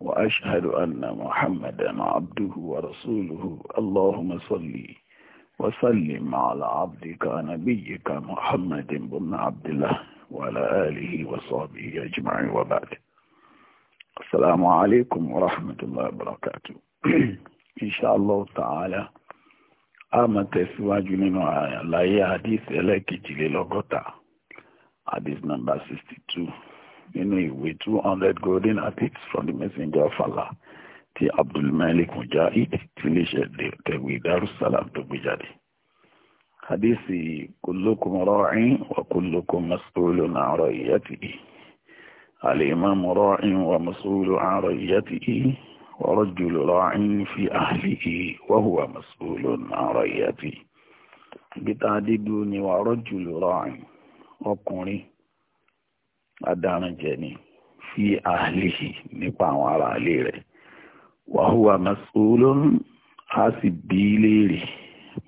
وأشهد أن محمدا عبده ورسوله اللهم صل وسلم على عبدك نبيك محمد بن عبد الله وعلى آله وصحبه أجمعين وبعد السلام عليكم ورحمة الله وبركاته إن شاء الله تعالى أما تسواج من لا يحديث لك جليل حديث نمبر 62 nínú ìwé two hundred golden hadiths from the messenger of Allah ti abdulmalik mujahid ti iléeṣẹ́ tẹ̀wé darussalam tó gbé jáde hadisi kullukum ra'in wa kullukum mas'ulun 'an ra'iyatihi al-imam ra'in wa mas'ulun 'an ra'iyatihi wa rajulun ra'in fi ahlihi wa huwa mas'ulun 'an ra'iyatihi bí tá a dé wa rajulun ra'in ọkùnrin adarunjẹ ni fi àhàlìhì nípa àwọn ará ilé rẹ̀ wàhùwà mas'ulun a sì bí léèrè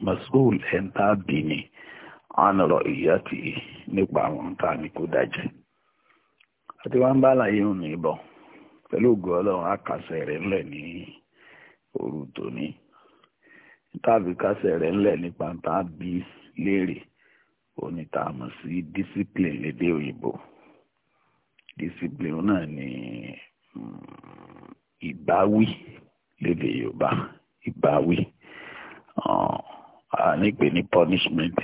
mas'ul ẹ̀ńtà bì ní ànàrọ̀ ìyá tì nípa àwọn nǹkan ní kó dájẹ́ àti wá bá láyé òun níbọ̀ pẹ̀lú ògùn ọlọ́run àkàṣẹ rẹ̀ ńlẹ̀ ní òru tòní tàbí kásẹ̀ rẹ̀ ńlẹ̀ nípa tá bí léèrè onítàmọ̀ sí discipline lédè òyìnbó discipline náà ni mm, ìbáwí lédè yorùbá ìbáwí a nípe ní punishment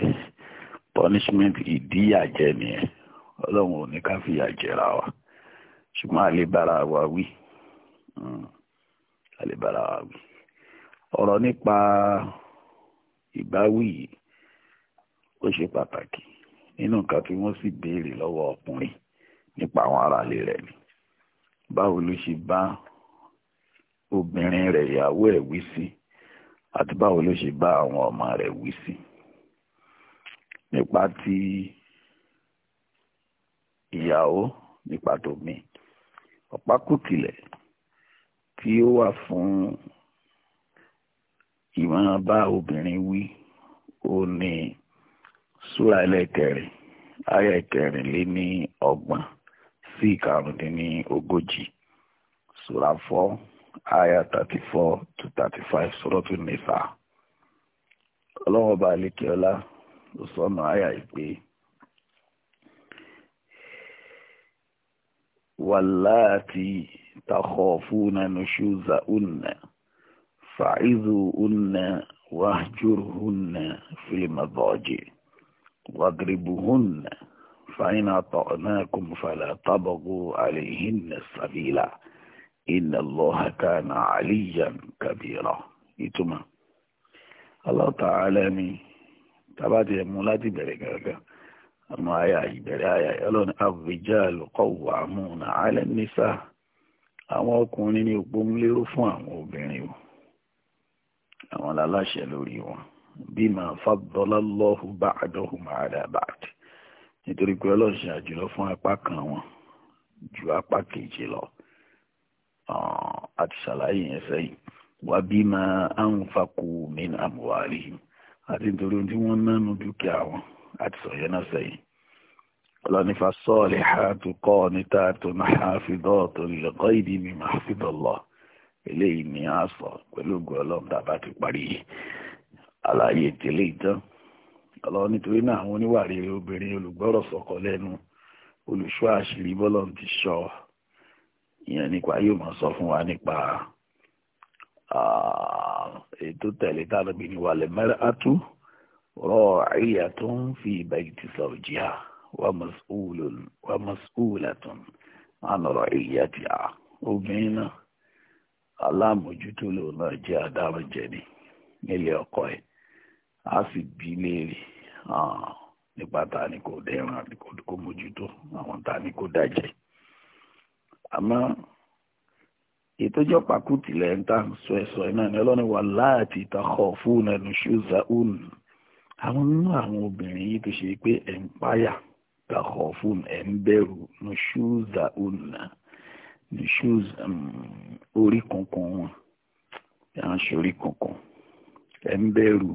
punishment ìdíyàjẹ nìyẹn ọlọ́run ò ní ká fìyà jẹra wa ṣùgbọ́n àlebára wa wí àlebára mm, wa wí ọ̀rọ̀ nípa ìbáwí yìí ó ṣe pàtàkì nínú nǹkan tí wọ́n sì béèrè lọ́wọ́ ọkùnrin nípa àwọn aráalé rẹ̀ ni báwo ló ṣe bá obìnrin rẹ̀ ìyàwó ẹ̀ wí sí àti báwo ló ṣe bá àwọn ọmọ rẹ̀ wí sí nípa ti ìyàwó nípa tòmí ọ̀pákùtìlẹ̀ tí ó wà fún ìwọ̀n bá obìnrin wí ó ní súra ẹlẹ́kẹrin ayẹ̀kẹrin lé ní ọgbọ̀n sí ìkarùndínlógójì sura four aya thirty four to thirty five suratul nisa ọlọ́wọ́n bá alékè ọlá ló sọnù aya ìpè. wàláàtì تخافون نشوزهن فعظوهن واهجرهن في المضاجع واضربوهن فإن أطعناكم فلا تبغوا عليهن السبيل إن الله كان عليا كبيرا ìtumọ̀ Allah Ta'ala ni tàbátì ẹ̀mú láti bẹ̀rẹ̀ gàgà àmọ́ àyà ìbẹ̀rẹ̀ àyà ọlọ́ni ar-rijalu qawwamuna 'ala an-nisa àwọn ọkùnrin ní òpómúlérò fún àwọn obìnrin o àwọn aláṣẹ lórí wọn bima faddala Allahu ba'dahum 'ala ba'd nítorí pé ọlọ́run ṣe àjùlọ fún apá kan wọn ju apá kejì lọ àti ṣàlàyé yẹn sẹ́yìn wà bí máa anfaqu min amwalihim àti nítorí tí wọ́n nánu dúkìá wọn àti sọ̀yẹ́ náà sẹ́yìn ọlọ́nifà sọ́ọ̀lì hàtú kọ́ níta tó náà fi dọ́ọ̀tò lẹ́kọ́ ìdí mi máa fi dọ̀lọ́ eléyìí ni a sọ pẹ̀lú ògùn ọlọ́run tàbá ti parí àlàyé tẹ́lẹ̀ ìtàn. ọlọ́run nítorí náà àwọn oníwà rere obìnrin olùgbọ́rọ̀ sọ̀kọ lẹ́nu olùṣọ́ àṣírí bọ́lọ̀ ti ìyẹn nípa yóò ma sọ fún wa nípa ètò tẹ̀lé tá a lọ́gbìn ní wàlẹ̀ mẹ́rẹ́ atú rọ àríyá tó ń fi ìbàgì ti sọ̀rọ̀ jìyà wà nọ̀rọ̀ àríyá obìnrin náà lòun náà jẹ́ nílé ọkọ ẹ̀ sì Ah, nípa ta ni kò dẹ́ran àbí kò mójútó àwọn ta ni kò dájẹ́ àmọ́ ìtọ́jọ́ pàkútì lẹ́ńtà sọ ẹ̀sọ́ iná ni ọlọ́run wà láti ìtàkọ̀ fún ẹnu ṣúza un àwọn nínú àwọn obìnrin yìí tó ṣe pé ẹ̀ ń páyà tàkọ̀ fún ẹ̀ ń bẹ̀rù ní ṣúza un ní ṣúza orí kankan wọn yà ń ṣe orí kankan ẹ̀ ń bẹ̀rù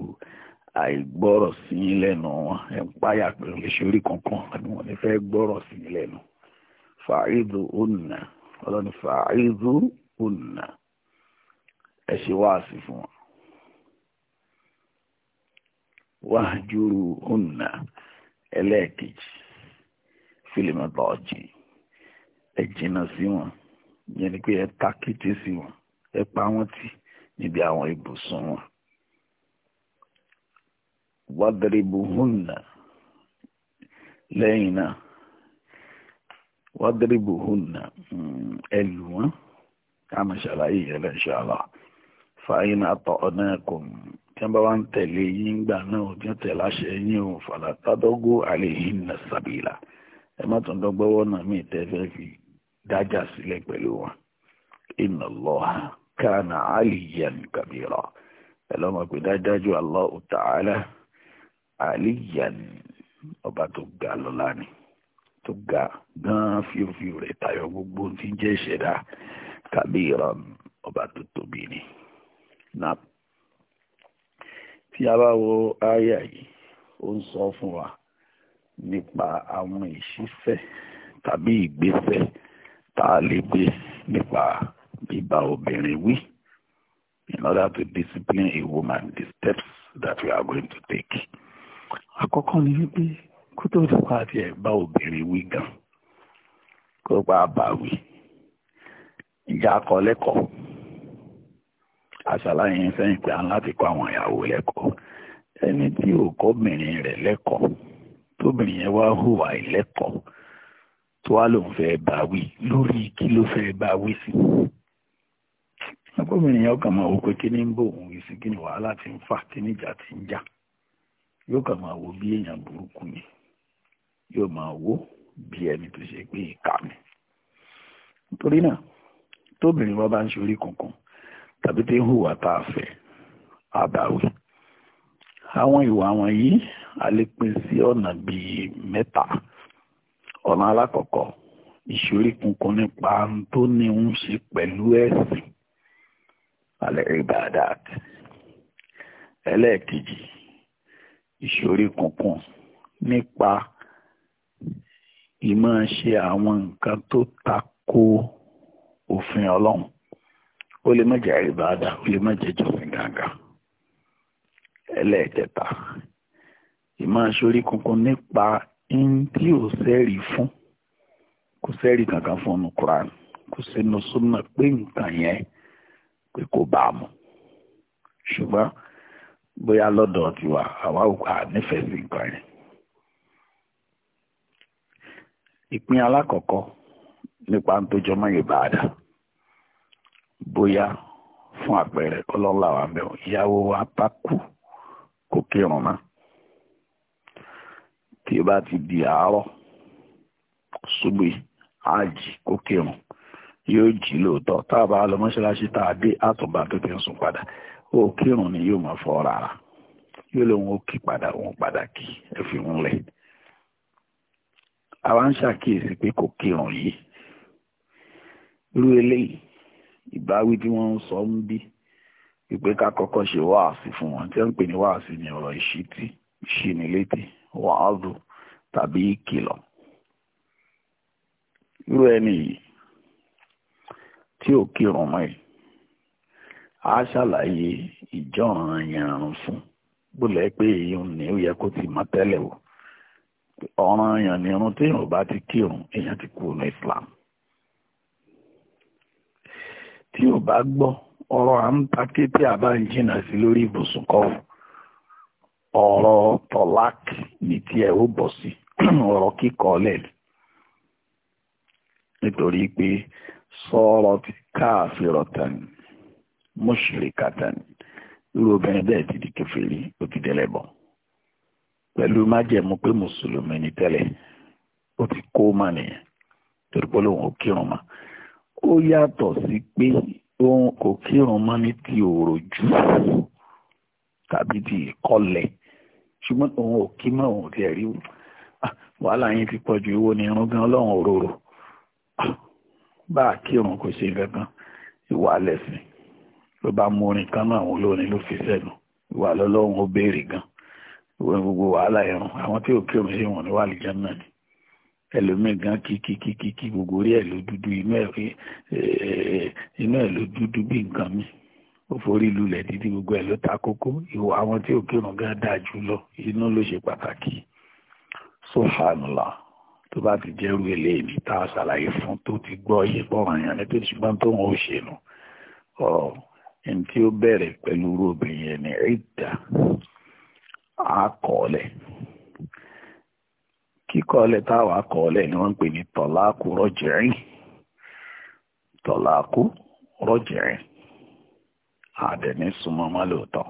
àìgbọ́rọ̀ sí yín lẹ́nu wọn ẹ̀ ń páyà pé lè ṣorí kankan àbí wọn ní fẹ́ gbọ́rọ̀ sí yín lẹ́nu fàáìdù ònà ọlọ́ni fàáìdù ònà ẹ ṣe wáàsí fún wọn wájúrú ònà ẹlẹ́ẹ̀kejì fílímù bọ́ọ̀jì ẹ jìnnà sí wọn yẹn ni pé ẹ takété sí wọn ẹ pa wọn tì níbi àwọn ibùsùn wọn wadribuhunna lẹ́yìn náà wadribuhunna mm, ẹlù wọn ká máa ṣàlàyé yẹn insha Allah fàáyín ata'nakum tí wọ́n bá wá ń tẹ̀lé yín gbà náà ò tí ń tẹ̀lé àṣẹ yín ò fala tadoghu alayhinna sabila ẹ má tún dọ́gbọ́wọ́ náà mí tẹ́fẹ́ fi dájà sílẹ̀ pẹ̀lú wọn inna Allaha kana aliyan kabira ẹ lọ́mọ pé dájájú Allahu ta'ala aliyan ọba tó ga lọ́lá ni tó ga gan fíofío rẹ̀ tayọ gbogbo tí ń jẹ́ ìṣẹ̀dá tàbí ìran ọba tó tóbi ni. na tí a bá wo àyà yìí ó ń sọ fún wa nípa àwọn ìṣísẹ̀ tàbí ìgbésẹ̀ tá a lè gbé nípa bíbá obìnrin wí in order to discipline a woman the steps that we are going to take àkọ́kọ́ ni wípé kó tó ti pa àti ẹ̀bá obìnrin wí gan kó pa àbáwí ìjà akọ lẹ́kọ̀ọ́ àṣàlàyé sẹ́yìn pé a láti kọ́ àwọn ìyàwó lẹ́kọ̀ọ́ ẹni tí ò kọ́bìnrin rẹ̀ lẹ́kọ̀ọ́ tóbìnrin yẹn wá hùwà ìlẹ́kọ̀ọ́ tó wá lòun fẹ́ bá wí lórí kí ló fẹ́ bá wí sí ọkọ̀bìnrin yẹn ọkàn máa wò pé kí ni ń bò òun wí sí kí ni wàhálà ti ń fà kí ni ìjà ti ń jà yóò kàn máa wo bí èèyàn burúkú ni yóò máa wo bí ẹni tó ṣe pé ìka ni nítorí náà tóbìnrin wa bá ń ṣorí kankan tàbí tí ń hùwà tá a fẹ́ àbáwí àwọn ìwà wọn yìí a lè pín sí ọ̀nà bíi mẹ́ta ọ̀nà alákọ̀ọ́kọ́ ìṣorí kankan nípa tó ní ń ṣe pẹ̀lú ẹ̀sìn alẹ́ ìbàdàt ẹlẹ́ẹ̀kejì ìṣòrí kùnkùn nípa ìmọ̀ ṣe àwọn nǹkan tó tako òfin ọlọ́run ó lè má jẹ́ ìbádà ó lè má jẹ́ jọ̀sìn gángan ẹlẹ́ẹ̀kẹta ìmọ̀ ṣorí kùnkùn nípa in tí ò sẹ́rí fún kò sẹ́rí kankan fún ọ̀nà Qur'an kò sínú súnmọ́ pé nǹkan yẹn pé kò bá a mọ̀ ṣùgbọ́n bóyá lọ́dọ̀ tiwa àwa òkà nífẹ̀ẹ́ sí nǹkan yẹn. ìpín alákọ̀ọ́kọ́ nípa ń tó jọmọ́ ìbáadà bóyá fún àpẹẹrẹ ọlọ́lá wa mẹ́wọ̀n ìyàwó wa bá kú kò kírun mọ́ tí ó bá ti di àárọ̀ ṣubú àjì kò kírun yóò jí lóòótọ́ tá a bá lọ mọ́ṣáláṣí tá a dé àtúbà tó ti ń sùn padà ó kírun ni yóò máa fọ rárá yóò lóun ó kí padà òun padà kí ẹ fi ń lẹ̀ àwa ń ṣàkíyèsí pé kò kírun yìí irú eléyìí ìbáwí tí wọ́n ń sọ ń bí ìpè ká kọ́kọ́ ṣe wáàsí fún wọn tí wọ́n ń pè ní wáàsí ní ọ̀rọ̀ ìṣítí ìṣínilétí wàhálù tàbí ìkìlọ̀ irú ẹni yìí tí ò kírun mọ́ yìí a ṣàlàyé ìjọ́ràn yàrùn fún gbọ́lẹ̀ pé èèyàn ní ó yẹ kó ti mọ̀ tẹ́lẹ̀ o ọ̀ràn ní irun tí èèyàn bá ti kírun èèyàn ti kú ní Islam tí ò bá gbọ́ ọ̀rọ̀ à ń ta kété àbá lórí ibùsùn ọ̀rọ̀ tọ́lák ní ó bọ̀ sí ọ̀rọ̀ kíkọ́ nítorí pé sọ̀rọ̀ ti káàfin ni. mushrikatan irú obìnrin bẹ́ẹ̀ ti di kèfèrí ó ti dẹlẹ́bọ pẹ̀lú májẹ̀mú pé mùsùlùmí ni tẹ́lẹ̀ ó ti kó mà nìyẹn torí pé lòun ò kírun mọ́ ó yàtọ̀ sí pé òun kò kírun mọ́ ní ti òròjú tàbí ti ìkọlẹ̀ ṣùgbọ́n òun ò kí mọ́ òun ò tiẹ̀ ah, wàhálà yín ti pọ̀ ju ìwọ ni irun gan ọlọ́run òróró ah, bá a kírun kò ṣe nǹkan kan ìwà lẹ́sìn ló bá mú orin kan náà àwọn ló fi sẹ́nu ìwà lọ́lọ́run ó béèrè gan gbogbo wàhálà ẹ̀rùn àwọn tí ò kí omi sí wọn ní wàlìjẹ́ náà ni ẹlòmíì gan kíkíkíkí gbogbo orí ẹ̀ ló dúdú eh, inú ẹ̀ ló dúdú bí nǹkan mi ó forí lulẹ̀ títí gbogbo ẹ̀ ló ta kókó ìwà àwọn tí ò kírun gan dáa jù lọ inú ló ṣe pàtàkì subhanallah tó bá ti jẹ́rú eléyìí tá a ṣàlàyé fún tó ti gbọ́ yé pọ̀ ọ̀ràn yẹn ní tó ṣùgbọ́n tó ń ṣe nù ọ̀rọ̀ ẹni tí ó bẹ̀rẹ̀ pẹ̀lú irú obìnrin ẹni ní ìdá àkọọ́lẹ̀ kíkọ́ọ́lẹ̀ táwọn àkọọ́lẹ̀ ni wọ́n ń pè ní tọ̀láàkú rọ́jẹ̀rìn tọ̀láàkú rọ́jẹ̀rìn àdẹ̀ní súnmọ́ mọ́ lóòótọ́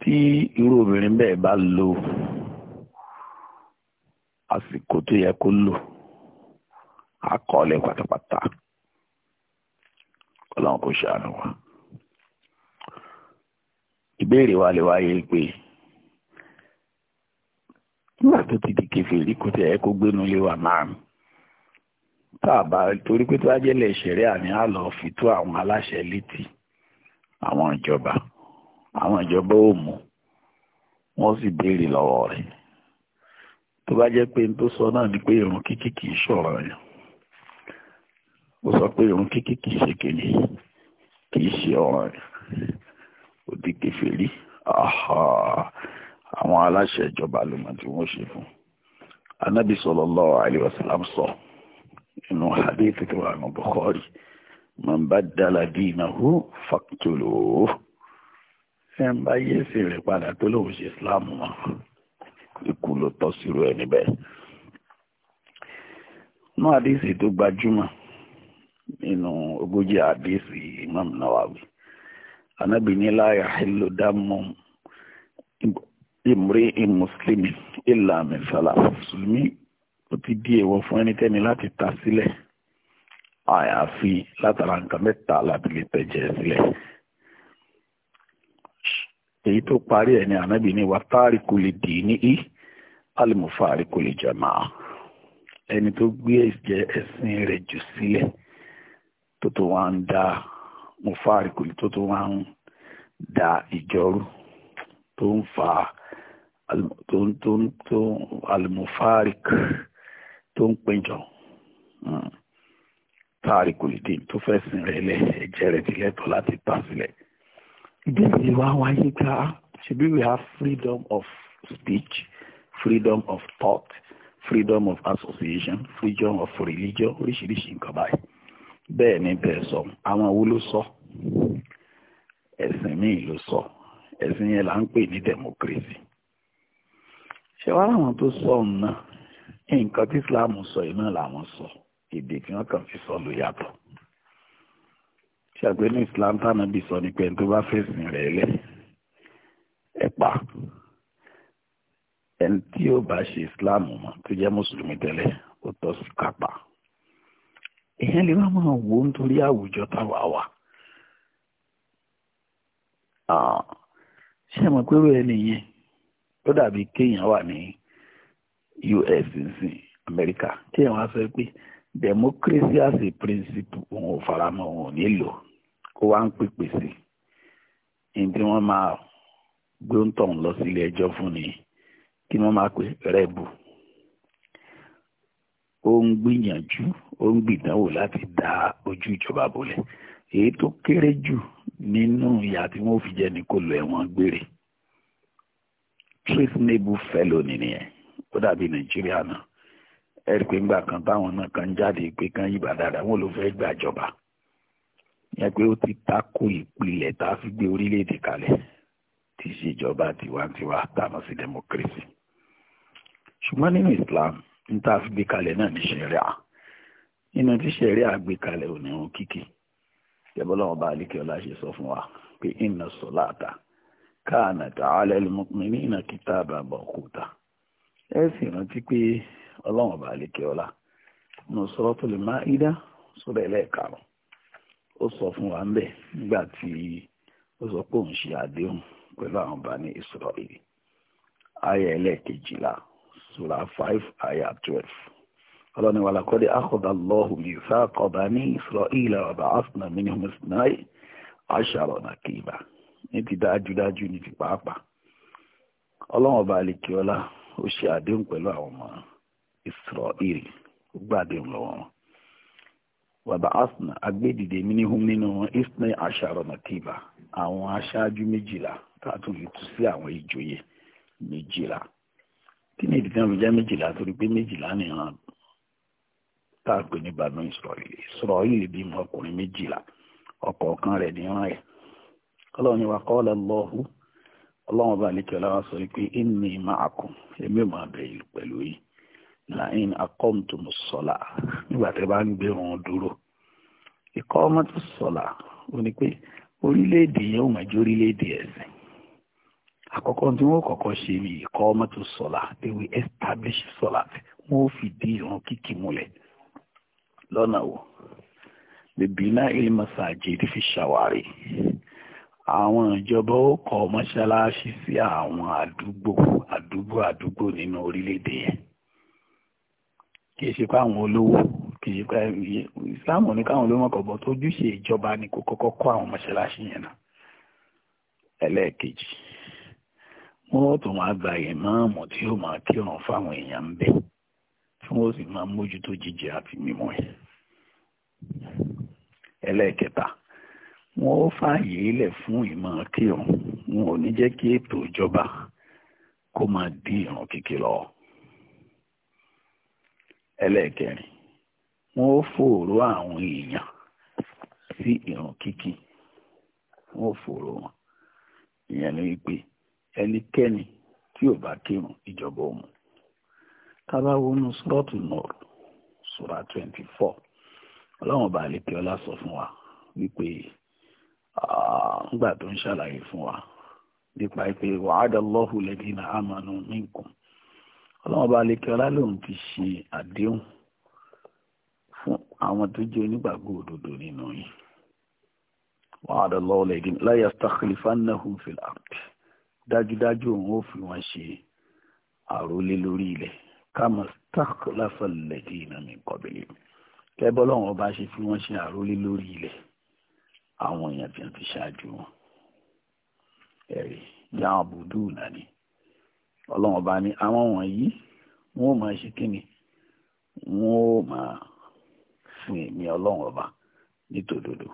tí irú obìnrin lo àsìkò tó ọlọ́run kò ṣàánú wa. ìbéèrè wa lè wáyé pé nígbà tó ti di kèfèrí kò tẹ̀ ẹ́ kó gbénu lé wa máa ń tá a bá torí pé tó bá jẹ́ lẹ̀ ṣẹ̀rẹ́ àní á lọ fi tó àwọn aláṣẹ létí àwọn ìjọba àwọn ìjọba ò mú wọ́n sì béèrè lọ́wọ́ rẹ̀ tó bá jẹ́ pé n tó sọ náà ni pé irun kíkì kì í ṣọ̀rọ̀ yẹn ó sọ pé òun kíkí kìí ṣe kìíní kìí ṣe ọ̀ràn rẹ̀ òdì kẹfẹ́lí àwọn aláṣẹ ìjọba ló mọ̀ tí wọ́n ṣe fún anábì sallallahu alaihi wasallam sọ inú hadith tó wà ní Bukhari man baddala dinahu faqtuluhu ẹ̀ ń bá yẹ́sìn rẹ̀ padà tó lóun ṣe islam mọ́ ikú ló tọ́ sírú ẹ̀ níbẹ̀. náà àdéhìsì tó gbajúmọ̀ nínú ogójì àdéhìsì Imam Nawawi anabi ní la yahillu damu imri imuslimi illa min salaf mùsùlùmí ó ti di èèwọ̀ fún ẹnikẹ́ni láti ta sílẹ̀ àyàfi látara nǹkan mẹ́ta lábìlẹ̀ tẹ̀jẹ̀ sílẹ̀ èyí tó parí ẹ̀ ní ànábì ní wa táàríkù lè dì ní í alìmùfáàríkù lè jẹ̀mà ẹni tó gbé ẹ̀jẹ̀ ẹ̀sìn jù sílẹ̀. Si tó tó wá ń da mufarikuli tó tó wá ń da ìjọrú tó ń fa tó ń tó ń tó alimufarik tó ń péjọ hmm, tààrikùlì dín tó fẹ́ sin rẹ̀ lẹ̀ ẹ̀jẹ̀ rẹ̀ ti lẹ́tọ̀ láti tà sílẹ̀. ìbéèrè wa wáyé ká ṣebí we have freedom of speech freedom of thought freedom of association freedom of religion oríṣiríṣi nǹkan báyìí bẹ́ẹ̀ ni bẹ́ẹ̀ sọ àwọn wo ló sọ ẹ̀sìn míì ló sọ ẹ̀sìn yẹn là ń pè ní democracy ṣé wàá làwọn tó sọ ọ̀hún náà nǹkan tí Islam sọ yìí náà làwọn sọ èdè tí wọ́n kàn fi sọ ló yàtọ̀ ṣàgbé ní Islam tánàbì sọ ni pé ẹni tó bá fẹ̀sìn rẹ̀ lẹ̀ ẹ̀ pa ẹni tí ó bá ṣe Islam mọ́ tó jẹ́ mùsùlùmí tẹ́lẹ̀ ó tọ́ sí kápá èèyàn lè máa máa wò ó nítorí àwùjọ táwa wà ṣé ẹ mọ̀ pé rú ẹni yẹn ó dàbí kéèyàn wà ní US nsìn Amẹ́ríkà kéèyàn wá sọ pé democracy as a principle òun ò faramọ́ òun ò nílò kó wá ń pèpè sí i ní tí wọ́n máa gbóǹtàn lọ sílé ẹjọ́ fún ni kí wọ́n máa pè rẹ́bù ó ń gbìyànjú ó ń gbìdánwò láti dá ojú ìjọba bolẹ̀ èyí tó kéré jù nínú ìyà tí wọ́n fi jẹ́ ni kó lọ ẹ̀wọ̀n gbére treasonable fellow nìyẹn ó dàbí nàìjíríà náà ẹ̀rí pé ńgbà kan táwọn náà kan jáde pé kan yìí bá dáadáa wọn ló fẹ́ gbàjọba yẹn pé ó ti tako ìpìlẹ̀ tá a fi gbé orílẹ̀-èdè kalẹ̀ tí í tiwantiwa tá a mọ̀ sí democracy ṣùgbọ́n nínú Islam níta fi gbé kalẹ̀ náà ní ṣẹ̀ríà nínú tí ṣẹ̀ríà gbé kalẹ̀ ò ní irun kíkí ìjẹ́bọ́lọ́wọ́ bá alikẹ́ ọlá ṣe sọ fún wa pé inna salata kanat ala al-mu'minina kitaban mawquta ẹ sì rántí pé ọlọ́wọ́ bá alikẹ́ ọlá ẹlẹ́ẹ̀karùn ó sọ fún wa nígbà tí ó sọ surah 5 ayah twelve ọlọ́ni wàlá kọ́dé akọ̀dà lọ́hùn mi sáàkọ̀bà ní Israel ọba asna minhum isnai ashara nakiba ní ti dájúdájú ní ti pàápàá ọlọ́wọ́n ọba àlekíọ́lá ó ṣe àdéhùn pẹ̀lú àwọn ọmọ Israel ó gbàdéhùn lọ́wọ́ wọn wàbà asna agbẹ́dìde minhum nínú isnai ashara nakiba àwọn aṣáájú méjìlá kí ni ìdí náà fi jẹ́ méjìlá torí pé méjìlá nìran tá a ní bàbá ìsọ̀rọ̀yìí ìsọ̀rọ̀yìí bímọ ọkùnrin méjìlá ọ̀kọ̀ọ̀kan rẹ̀ ẹ̀ ọlọ́run ni wa qala Allahu ọlọ́run ọba sọ pé E ma'akum èmi máa bẹ̀rẹ̀ pẹ̀lú yìí la'in aqamtumus salah nígbà tí a bá ń gbé wọn dúró ó ní pé orílẹ̀-èdè yẹn ò orílẹ̀-èdè ẹ̀sìn àkọ́kọ́ tí wọ́n kọ́kọ́ ṣe ni ìkọ́ ọmọ tó they will establish sọ̀la wọ́n ó fìdí ìrun kíkì múlẹ̀ lọ́nà wo bìbínà ilmasajid fi ṣàwárí àwọn ìjọba ó kọ́ mọ́ṣáláṣí sí àwọn àdúgbò àdúgbò àdúgbò nínú orílẹ̀-èdè yẹn kì í ṣe pé àwọn olówó kì í ṣe pé ìsìláàmù ní káwọn olówó mọ̀kànbọ̀ tó ojúṣe ìjọba ni kò kọ́kọ́ kọ́ àwọn mọ́ṣáláṣí yẹn náà ẹlẹ́ẹ̀kejì wọ́n tún wá gba ìmáàmù tí ó máa kírun fáwọn èèyàn ń bẹ̀ tí wọ́n sì máa mójútó jíjẹ àti mímu ẹ̀. ẹlẹ́ẹ̀kẹta wọ́n ó fààyè ilẹ̀ fún ìmọ̀ kírun wọn ò ní jẹ́ kí ètò ìjọba kó máa dí lọ. ẹlẹ́ẹ̀kẹrin wọ́n ó fòòró àwọn èèyàn sí ìrun kíkí wọ́n ó fòòró wọn ẹnikẹ́ni tí ò bá kírun ìjọba òun tábà wọnú sọ́ọ̀tù nọ̀rù sura twenty four ọlọ́run bá lè kí ọlá sọ fún wa wípé ńgbà tó ń ṣàlàyé fún wa nípa pé wàhádà lọ́hùn lẹ́dínà àmàlù minkum ọlọ́run bá lè kí ọlá lòun ti ṣe àdéhùn fún àwọn tó jẹ́ onígbàgbọ́ òdodo nínú yìí wàhádà lọ́hùn lẹ́dínà láyà stakhlifannahum fil ard dájúdájú òun ó fi wọn ṣe àrólé lórí ilẹ̀ kámọ́ stark láfọlẹ̀ kí iná mi kọ̀bìlì kẹ́bọ́ lọ́wọ́n bá ṣe fi wọ́n ṣe àrólé lórí ilẹ̀ àwọn èèyàn tí wọ́n ti ṣáájú wọn ẹ̀rí yàwọn bùdú nàní ọlọ́wọ́n bá ní àwọn wọ̀nyí wọn ò máa ṣe kíni wọn ò máa fún èmi ọlọ́run ọba nítòdodo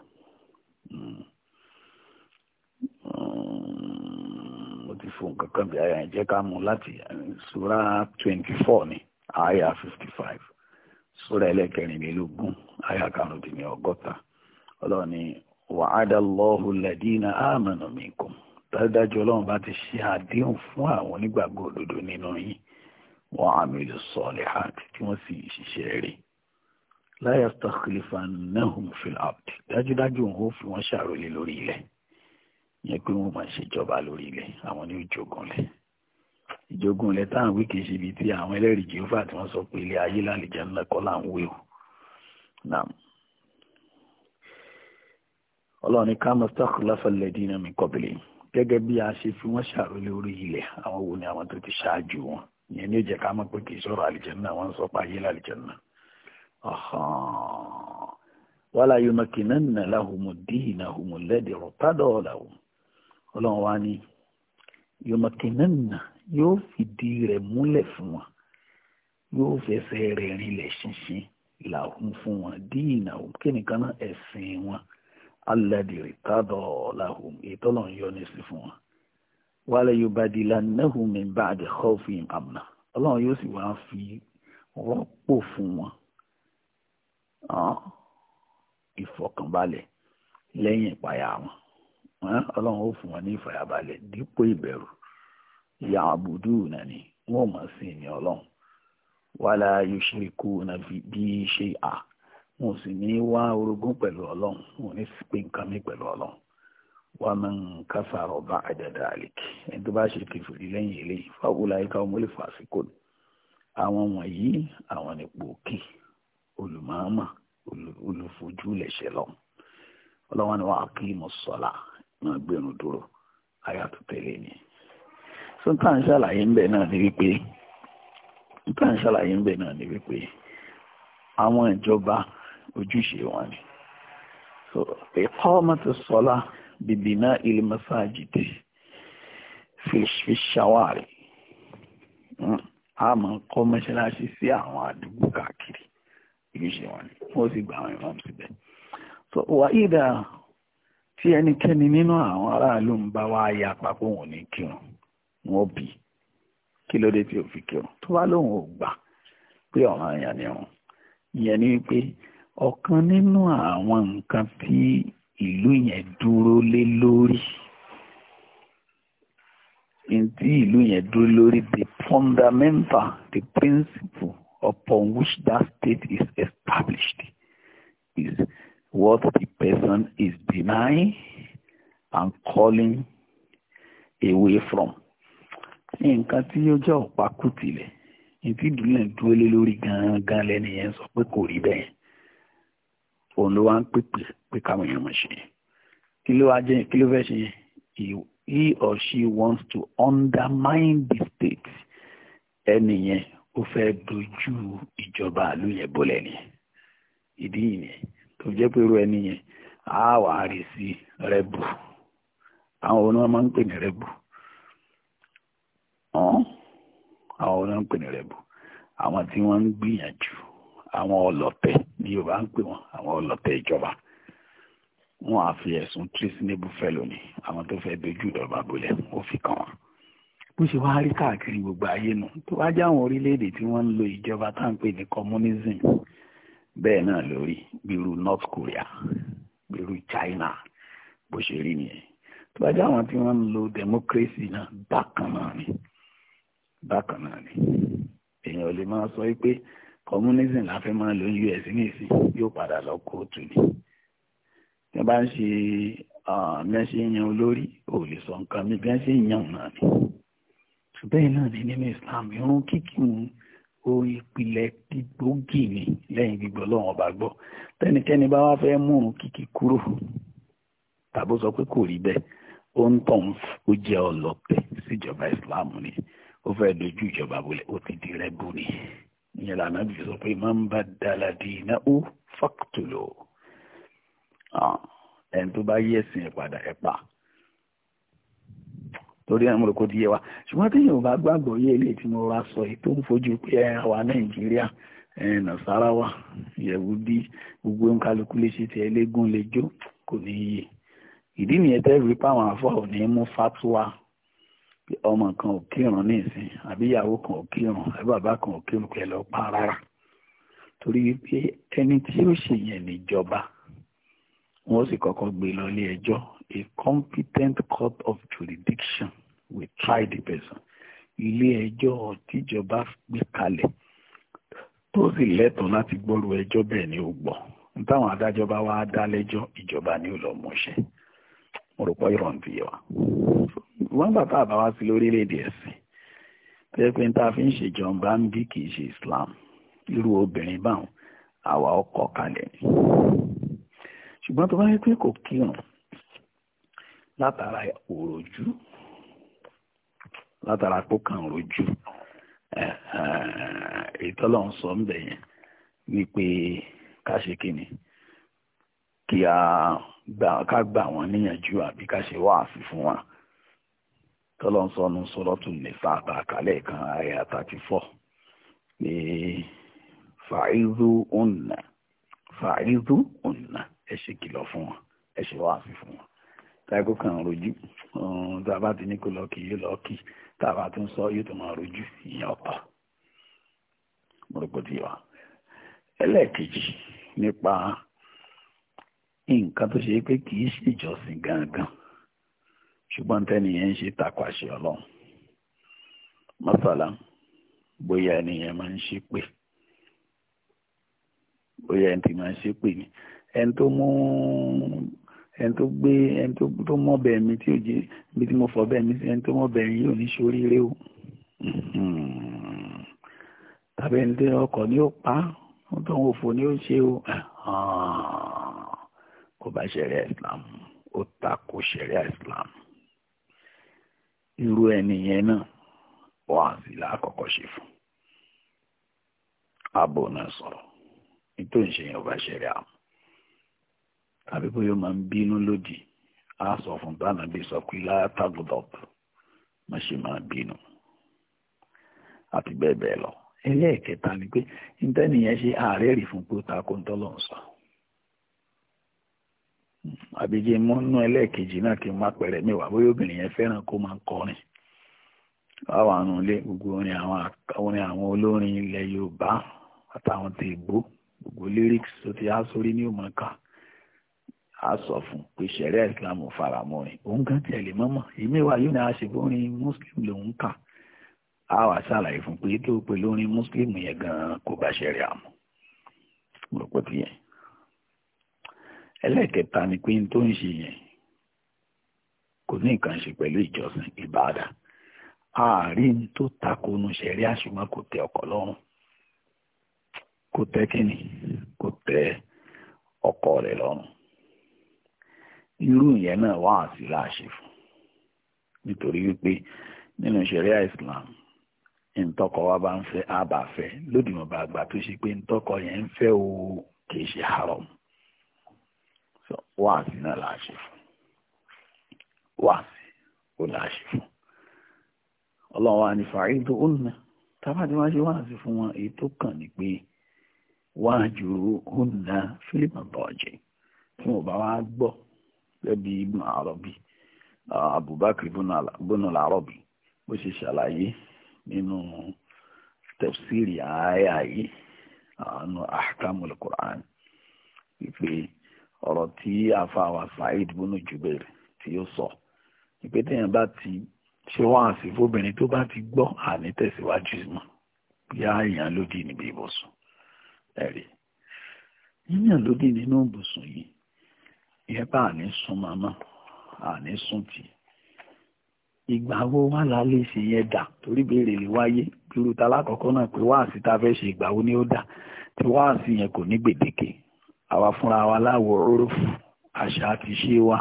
hmm. hmm láti fún nǹkan kan bí àyà ìjẹ́ ká mú láti eh, sura twenty four ni àyà fifty five sura ẹlẹ́kẹrìnlélógún àyà karùndínlọ́gọ́ta ọlọ́run ni wàhádà lọ́hùn lẹ́dínà àmánù minkum dájúdájú ọlọ́run bá ti ṣe àdéhùn fún àwọn onígbàgbọ́ òdodo nínú yín wọ́n àmìlú sọ̀lẹ̀ hàt tí wọ́n sì ṣiṣẹ́ rẹ̀ láyà stakhlifannahum fil abd dájúdájú òun ó fi wọ́n ṣàròlé lórí ilẹ̀ yẹn pé wọ́n máa ṣèjọba lórí ilẹ̀ àwọn ní ìjogún lẹ̀ ìjogún ilẹ̀ táwọn wí kì í ṣe ibi tí àwọn ẹlẹ́rìí jehova tí wọ́n sọ pé ilé ayé lálejò ńlá kọ́ là ń wé o naam ọlọ́run ní kámọ́ stock lọ́fọ̀lẹ́ dínà mi kọ́bìlẹ̀ gẹ́gẹ́ bí a ṣe fi wọ́n ṣàrólé orí ilẹ̀ àwọn wo ni àwọn tó ti ṣáájú wọn ìyẹn ní ìjẹ́ ká mọ̀ pé kì í sọ̀rọ̀ àlìjẹ́nà wọ́n ń sọ pé ayé lálìjẹ́nà wàhálà yóò mọ̀ náà nà láhùn mọ̀ díì tádọ̀ ọ̀làwọ̀ ọlọ́run wa ní yọmọkìnnà yóò fìdí rẹ̀ múlẹ̀ fún wọn yóò fẹsẹ̀ rẹ̀ rinlẹ̀ ṣinṣin làwọn fún wọn díìnà kínìkan náà ẹ̀sìn wọn aládìrí tábọ̀ làwọn ètò ọlọ́run yọ ní sí fún wọn wala yubadilannahum min ba'di khawfihim amna ọlọ́run yóò sì wá fi rọ́pò fún wọn ah, ìfọ̀kànbalẹ̀ lẹ́yìn ìpayà wọn ọlọ́run ó fún wọn ní ìfàyàbalẹ̀ dípò ìbẹ̀rù ìyá àbùdù nàní wọn ò mọ̀ sí ní ọlọ́run wàlá yushriku nàbí bí ṣe à wọn ò sì ní wá orogún pẹ̀lú ọlọ́run wọn ò ní sí pé nǹkan mi pẹ̀lú ọlọ́run wà á máa ń káfà ọba àjàdà àlèkè ẹni tó bá ṣe kẹfìrí lẹ́yìn ilé fáwọlá ẹ̀ka ọmọlẹ́ fàásìkò àwọn wọ̀nyí àwọn nípò òkè olùmọ̀ọ́mọ̀ olùfojú lẹ̀ṣẹ̀ lọ ọlọ́wọ́n ni wọ́n á kí mọ̀ máa gbẹ̀rún dúró àyà tó tẹ̀lé ni so n tàn ṣàlàyé ń bẹ̀ náà ni wípé n tàn ṣàlàyé ń bẹ̀ náà ni wípé àwọn ìjọba ojúṣe wọn ni so iqamatu ssalah bi bina'il masajid fi shawari hmm, a máa kọ́ mọ́ṣáláṣí sí àwọn àdúgbò káàkiri ojúṣe wọn ni wọ́n sì gba àwọn ìmọ̀ síbẹ̀ so wà tí ẹnikẹ́ni nínú àwọn aráàlú ń bá wá ya papọ̀ wọn ní kírun wọn bì kí ló dé tí ò fi kírun tó bá lóun ò gbà pé ọ̀ràn àyàn ni òun ìyẹn ni pé ọ̀kan nínú àwọn nǹkan tí ìlú yẹn dúró lé lórí tí ìlú yẹn dúró lórí the fundamental the principle upon which that state is established is what the person is denying and calling away from. nǹkan tí ó jẹ́ ọ̀pákùtìlẹ̀ ìtì ìdílé dúró lé lórí gangan lẹ́nu yẹn sọ pé kò rí bẹ́ẹ̀ òun ló wá ń pèpè pé káwọn èèyàn mọ̀ ṣe kí ló wá jẹ́ kí ló fẹ́ ṣe he or she wants to undermine the state ẹni yẹn ó fẹ́ dojú ìjọba àlùyẹ̀bọ̀lẹ̀ ni ìdí yìí nìyẹn tó jẹ́ pé irú ẹni yẹn á wà á rí sí rẹ́bù àwọn òun náà máa ń pè ní rẹ́bù àwọn òun náà ń pè ní rẹ́bù àwọn tí wọ́n ń gbìyànjú àwọn ọlọ́tẹ̀ ní Yorùbá ń pè wọ́n àwọn ọlọ́tẹ̀ ìjọba wọn á fi ẹ̀sùn treasonable felony àwọn tó fẹ́ dojú ìdọ̀gba bolẹ̀ ó fi kàn wọ́n bó ṣe wáá rí káàkiri gbogbo ayé nu tó wá jáwọn orílẹ̀-èdè tí wọ́n ń lo ìjọba tá ní communism bẹ́ẹ̀ náà lórí bírú North Korea bírú China bó ṣe rí nìyẹn tó bá jẹ́ àwọn tí wọ́n ń lo democracy náà bákan náà ni bákan náà ni èèyàn ò lè máa sọ pé communism la fẹ́ máa lo US nísìn yóò padà lọ kóòtù ni tí wọ́n bá ń ṣe bí wọ́n ṣe ń yan olórí ò lè sọ nǹkan bí wọ́n ṣe ń yan náà ni bẹ́ẹ̀ náà ni nínú Islam irun kíkì wọn orí ìpìlẹ̀ gbígbógì ni lẹ́yìn gbígbọ́ lọ́wọ́n ọba gbọ́ tẹ́nikẹ́ni bá wá fẹ́ múrun kìkì kúrò tàbó sọ pé kò rí bẹ́ẹ̀ ó ń tàn ó jẹ́ ọlọ́tẹ̀ síjọba Islam ni ó fẹ́ dojú ìjọba bolẹ̀ ó ti di rẹ́bù ni ìyẹn lànà bí sọ pé máa ń bá dala di iná ó fàkùtù lò ẹni tó bá yí ẹ̀sìn ẹ̀ padà ẹ̀ pa torí àwọn olùkọ́ ti yé wa ṣùgbọ́n tí yorùbá gbàgbọ́ yé ilé tí mo ra sọ yìí tó ń fojú pé àwa nàìjíríà nàṣàrà wa yẹ̀wùdí gbogbo nkálukú lè ṣe ti ẹlẹ́gùn lè jó kò ní yé ìdí nìyẹn tẹ́ rí páwọn afọ ò ní mú fatuwa pé ọmọ kan ò kírun ní ìsìn kan ò kírun àbí bàbá kan ò kírun pé lọ pa rárá torí wípé ẹni tí ó ṣèyẹn níjọba wọn sì kọ́kọ́ gbé lọ ilé ẹjọ́ a competent court of jurisdiction will try the person. ilé ẹjọ́ tíjọba gbé kalẹ̀ tó sì lẹ́tọ̀ọ́ láti gbọ́rú ẹjọ́ bẹ́ẹ̀ ni ó gbọ́ táwọn adájọ́ bá wá dá lẹ́jọ́ ìjọba ni ó lọ mọṣẹ́ mo rò pé ìrọ̀ ń fi yẹ wa. wọ́n gbà tá a bá wá sí lórílẹ̀‐èdè ẹ̀sìn tó pé tá fi ń ṣèjọba ń bí kì í ṣe Islam irú obìnrin báwọn àwa ọkọ kalẹ̀ ni ṣùgbọ́n tó bá yẹ pé kò kírun látara òròjú látara pókàn òròjú ìtọ́lọ̀ ń sọ ń bẹ̀ yẹn wípé ká ṣe kíni kí a ká gbà wọ́n níyànjú àbí ká ṣe wáàsí fún wa tọ́lọ̀ ń sọ nu sọ́lọ́tù nìfà àtàkálẹ̀ kan àyà thirty four pé fàáìzú ònà fàáìzú ònà ẹ ṣe kìlọ̀ fún wọn ẹ ṣe wáàsí fún wọn táìkó kan rojú tá a bá ti ní kó lọ kì yóò lọ kì tá a bá tún sọ yóò tún máa rojú ìyẹn ọ̀tọ̀ mo rò pé ti wà ẹlẹ́ẹ̀kejì nípa nǹkan tó ṣe pé kì í ṣe ìjọsìn gangan ṣùgbọ́n tẹ́nìyẹn ń ṣe takwàṣe ọlọ́run mọ́sálà bóyá ẹnìyẹn máa ń ṣe pé bóyá ẹni máa ń ṣe pé ni ẹni tó mú ẹni tó gbé ẹni tó mọ̀ bẹ̀ mí tí ò jẹ́ ibi tí mo fọ̀ bẹ̀ mí ẹni tó mọ̀ bẹ̀ mí yóò ní ṣoríire o hmm. tàbí ẹni tó ọkọ̀ ni ó pa ó tó ń òfò ni ó ṣe o ah, kò bá ṣẹ̀ríà Islam ó takò ṣẹ̀ríà Islam irú ẹni yẹn náà wọ́n á sì lákọ̀ọ́kọ́ ṣe fún abò náà sọ̀rọ̀ nítorí ṣe yẹn ó bá ṣẹ̀ríà mu. àbí bóyá ma máa ń bínú lòdì á sọ fún bánà bí sọ pé látàgùdọ̀p má ṣe máa bínú àti bẹ́ẹ̀ bẹ́ẹ̀ lọ ẹlẹ́ẹ̀kẹta ni pé ìtẹ́nìyẹn ṣe ààrẹ rí fún pé ó ta kó ń sọ àbíjẹ ẹlẹ́ẹ̀kejì náà kí n má pẹ̀rẹ̀ mẹ́wàá bóyá obìnrin yẹn fẹ́ràn kó máa ń kọrin báwa nù lé gbogbo orin àwọn orin àwọn olórin ilẹ̀ Yorùbá àtàwọn a sọ fún pé ṣẹ̀rẹ́ islam faramọ́ ẹ̀ òun kan tẹ̀lé mọ́mọ́ èmi wà yóò ní aṣèbó orin muslim lòun kà á wà ṣàlàyé fún pé tó pe lórin muslim yẹn gan-an kò bá ṣẹ̀rẹ̀ àmọ́ rògbò yẹn ẹlẹ́ẹ̀kẹta ni pé tó ń ṣe yẹn kò ní nǹkan ṣe pẹ̀lú ìjọsìn ìbáadà ààrin tó takonu ṣẹ̀rí àṣùgbọ́n kò tẹ ọkọ lọ́rùn kò tẹ kíni kò tẹ ọkọ rẹ̀ lọ́rùn irú ìyẹn náà wá àsì láàṣẹ fún nítorí wípé nínú ṣẹ̀ríà Islam ntọ́kọ wa bá ń fẹ́ àbá fẹ́ lódìmọ̀ bá gbà tó ṣe pé ntọ́kọ yẹn ń fẹ́ o kìí ṣe haram wá àsì náà láàṣẹ fún wá àsì ó láàṣẹ fún ọlọ́run wa ní fàáyídó ó nà tábàtí wá ṣe wá àsì fún wọn èyí tó kàn ní pé wájú ó nà fílímù bọ̀ọ̀jì tí wọn bá wá gbọ́ gẹ́bí ibn arabi abubakar ibn arabi bó ṣe ṣàlàyé nínú tafsiri àáyá yìí àánú ahkamul quran wípé ọ̀rọ̀ tí àfàwà saheed bùnú jubair tí ó sọ wípé téèyàn bá ti ṣé wọ́n àsì fóbìnrin tó bá ti gbọ́ àní tẹ̀síwájú mọ́ bíá èèyàn lódì níbi ìbùsùn ẹ̀rí yíyàn lódì nínú ìbùsùn yìí ìyẹn bá àní sún màmá àní sún tì ìgbà wo wá la lè ṣe yẹn dà torí béèrè lè wáyé irú ta lákọ̀ọ́kọ́ náà pé wáàsí ta fẹ́ ṣe ìgbà ni ó dà tí wáàsí yẹn kò ní gbèdéke àwa fúnra wa láwo orúfù àṣà àti ṣé wa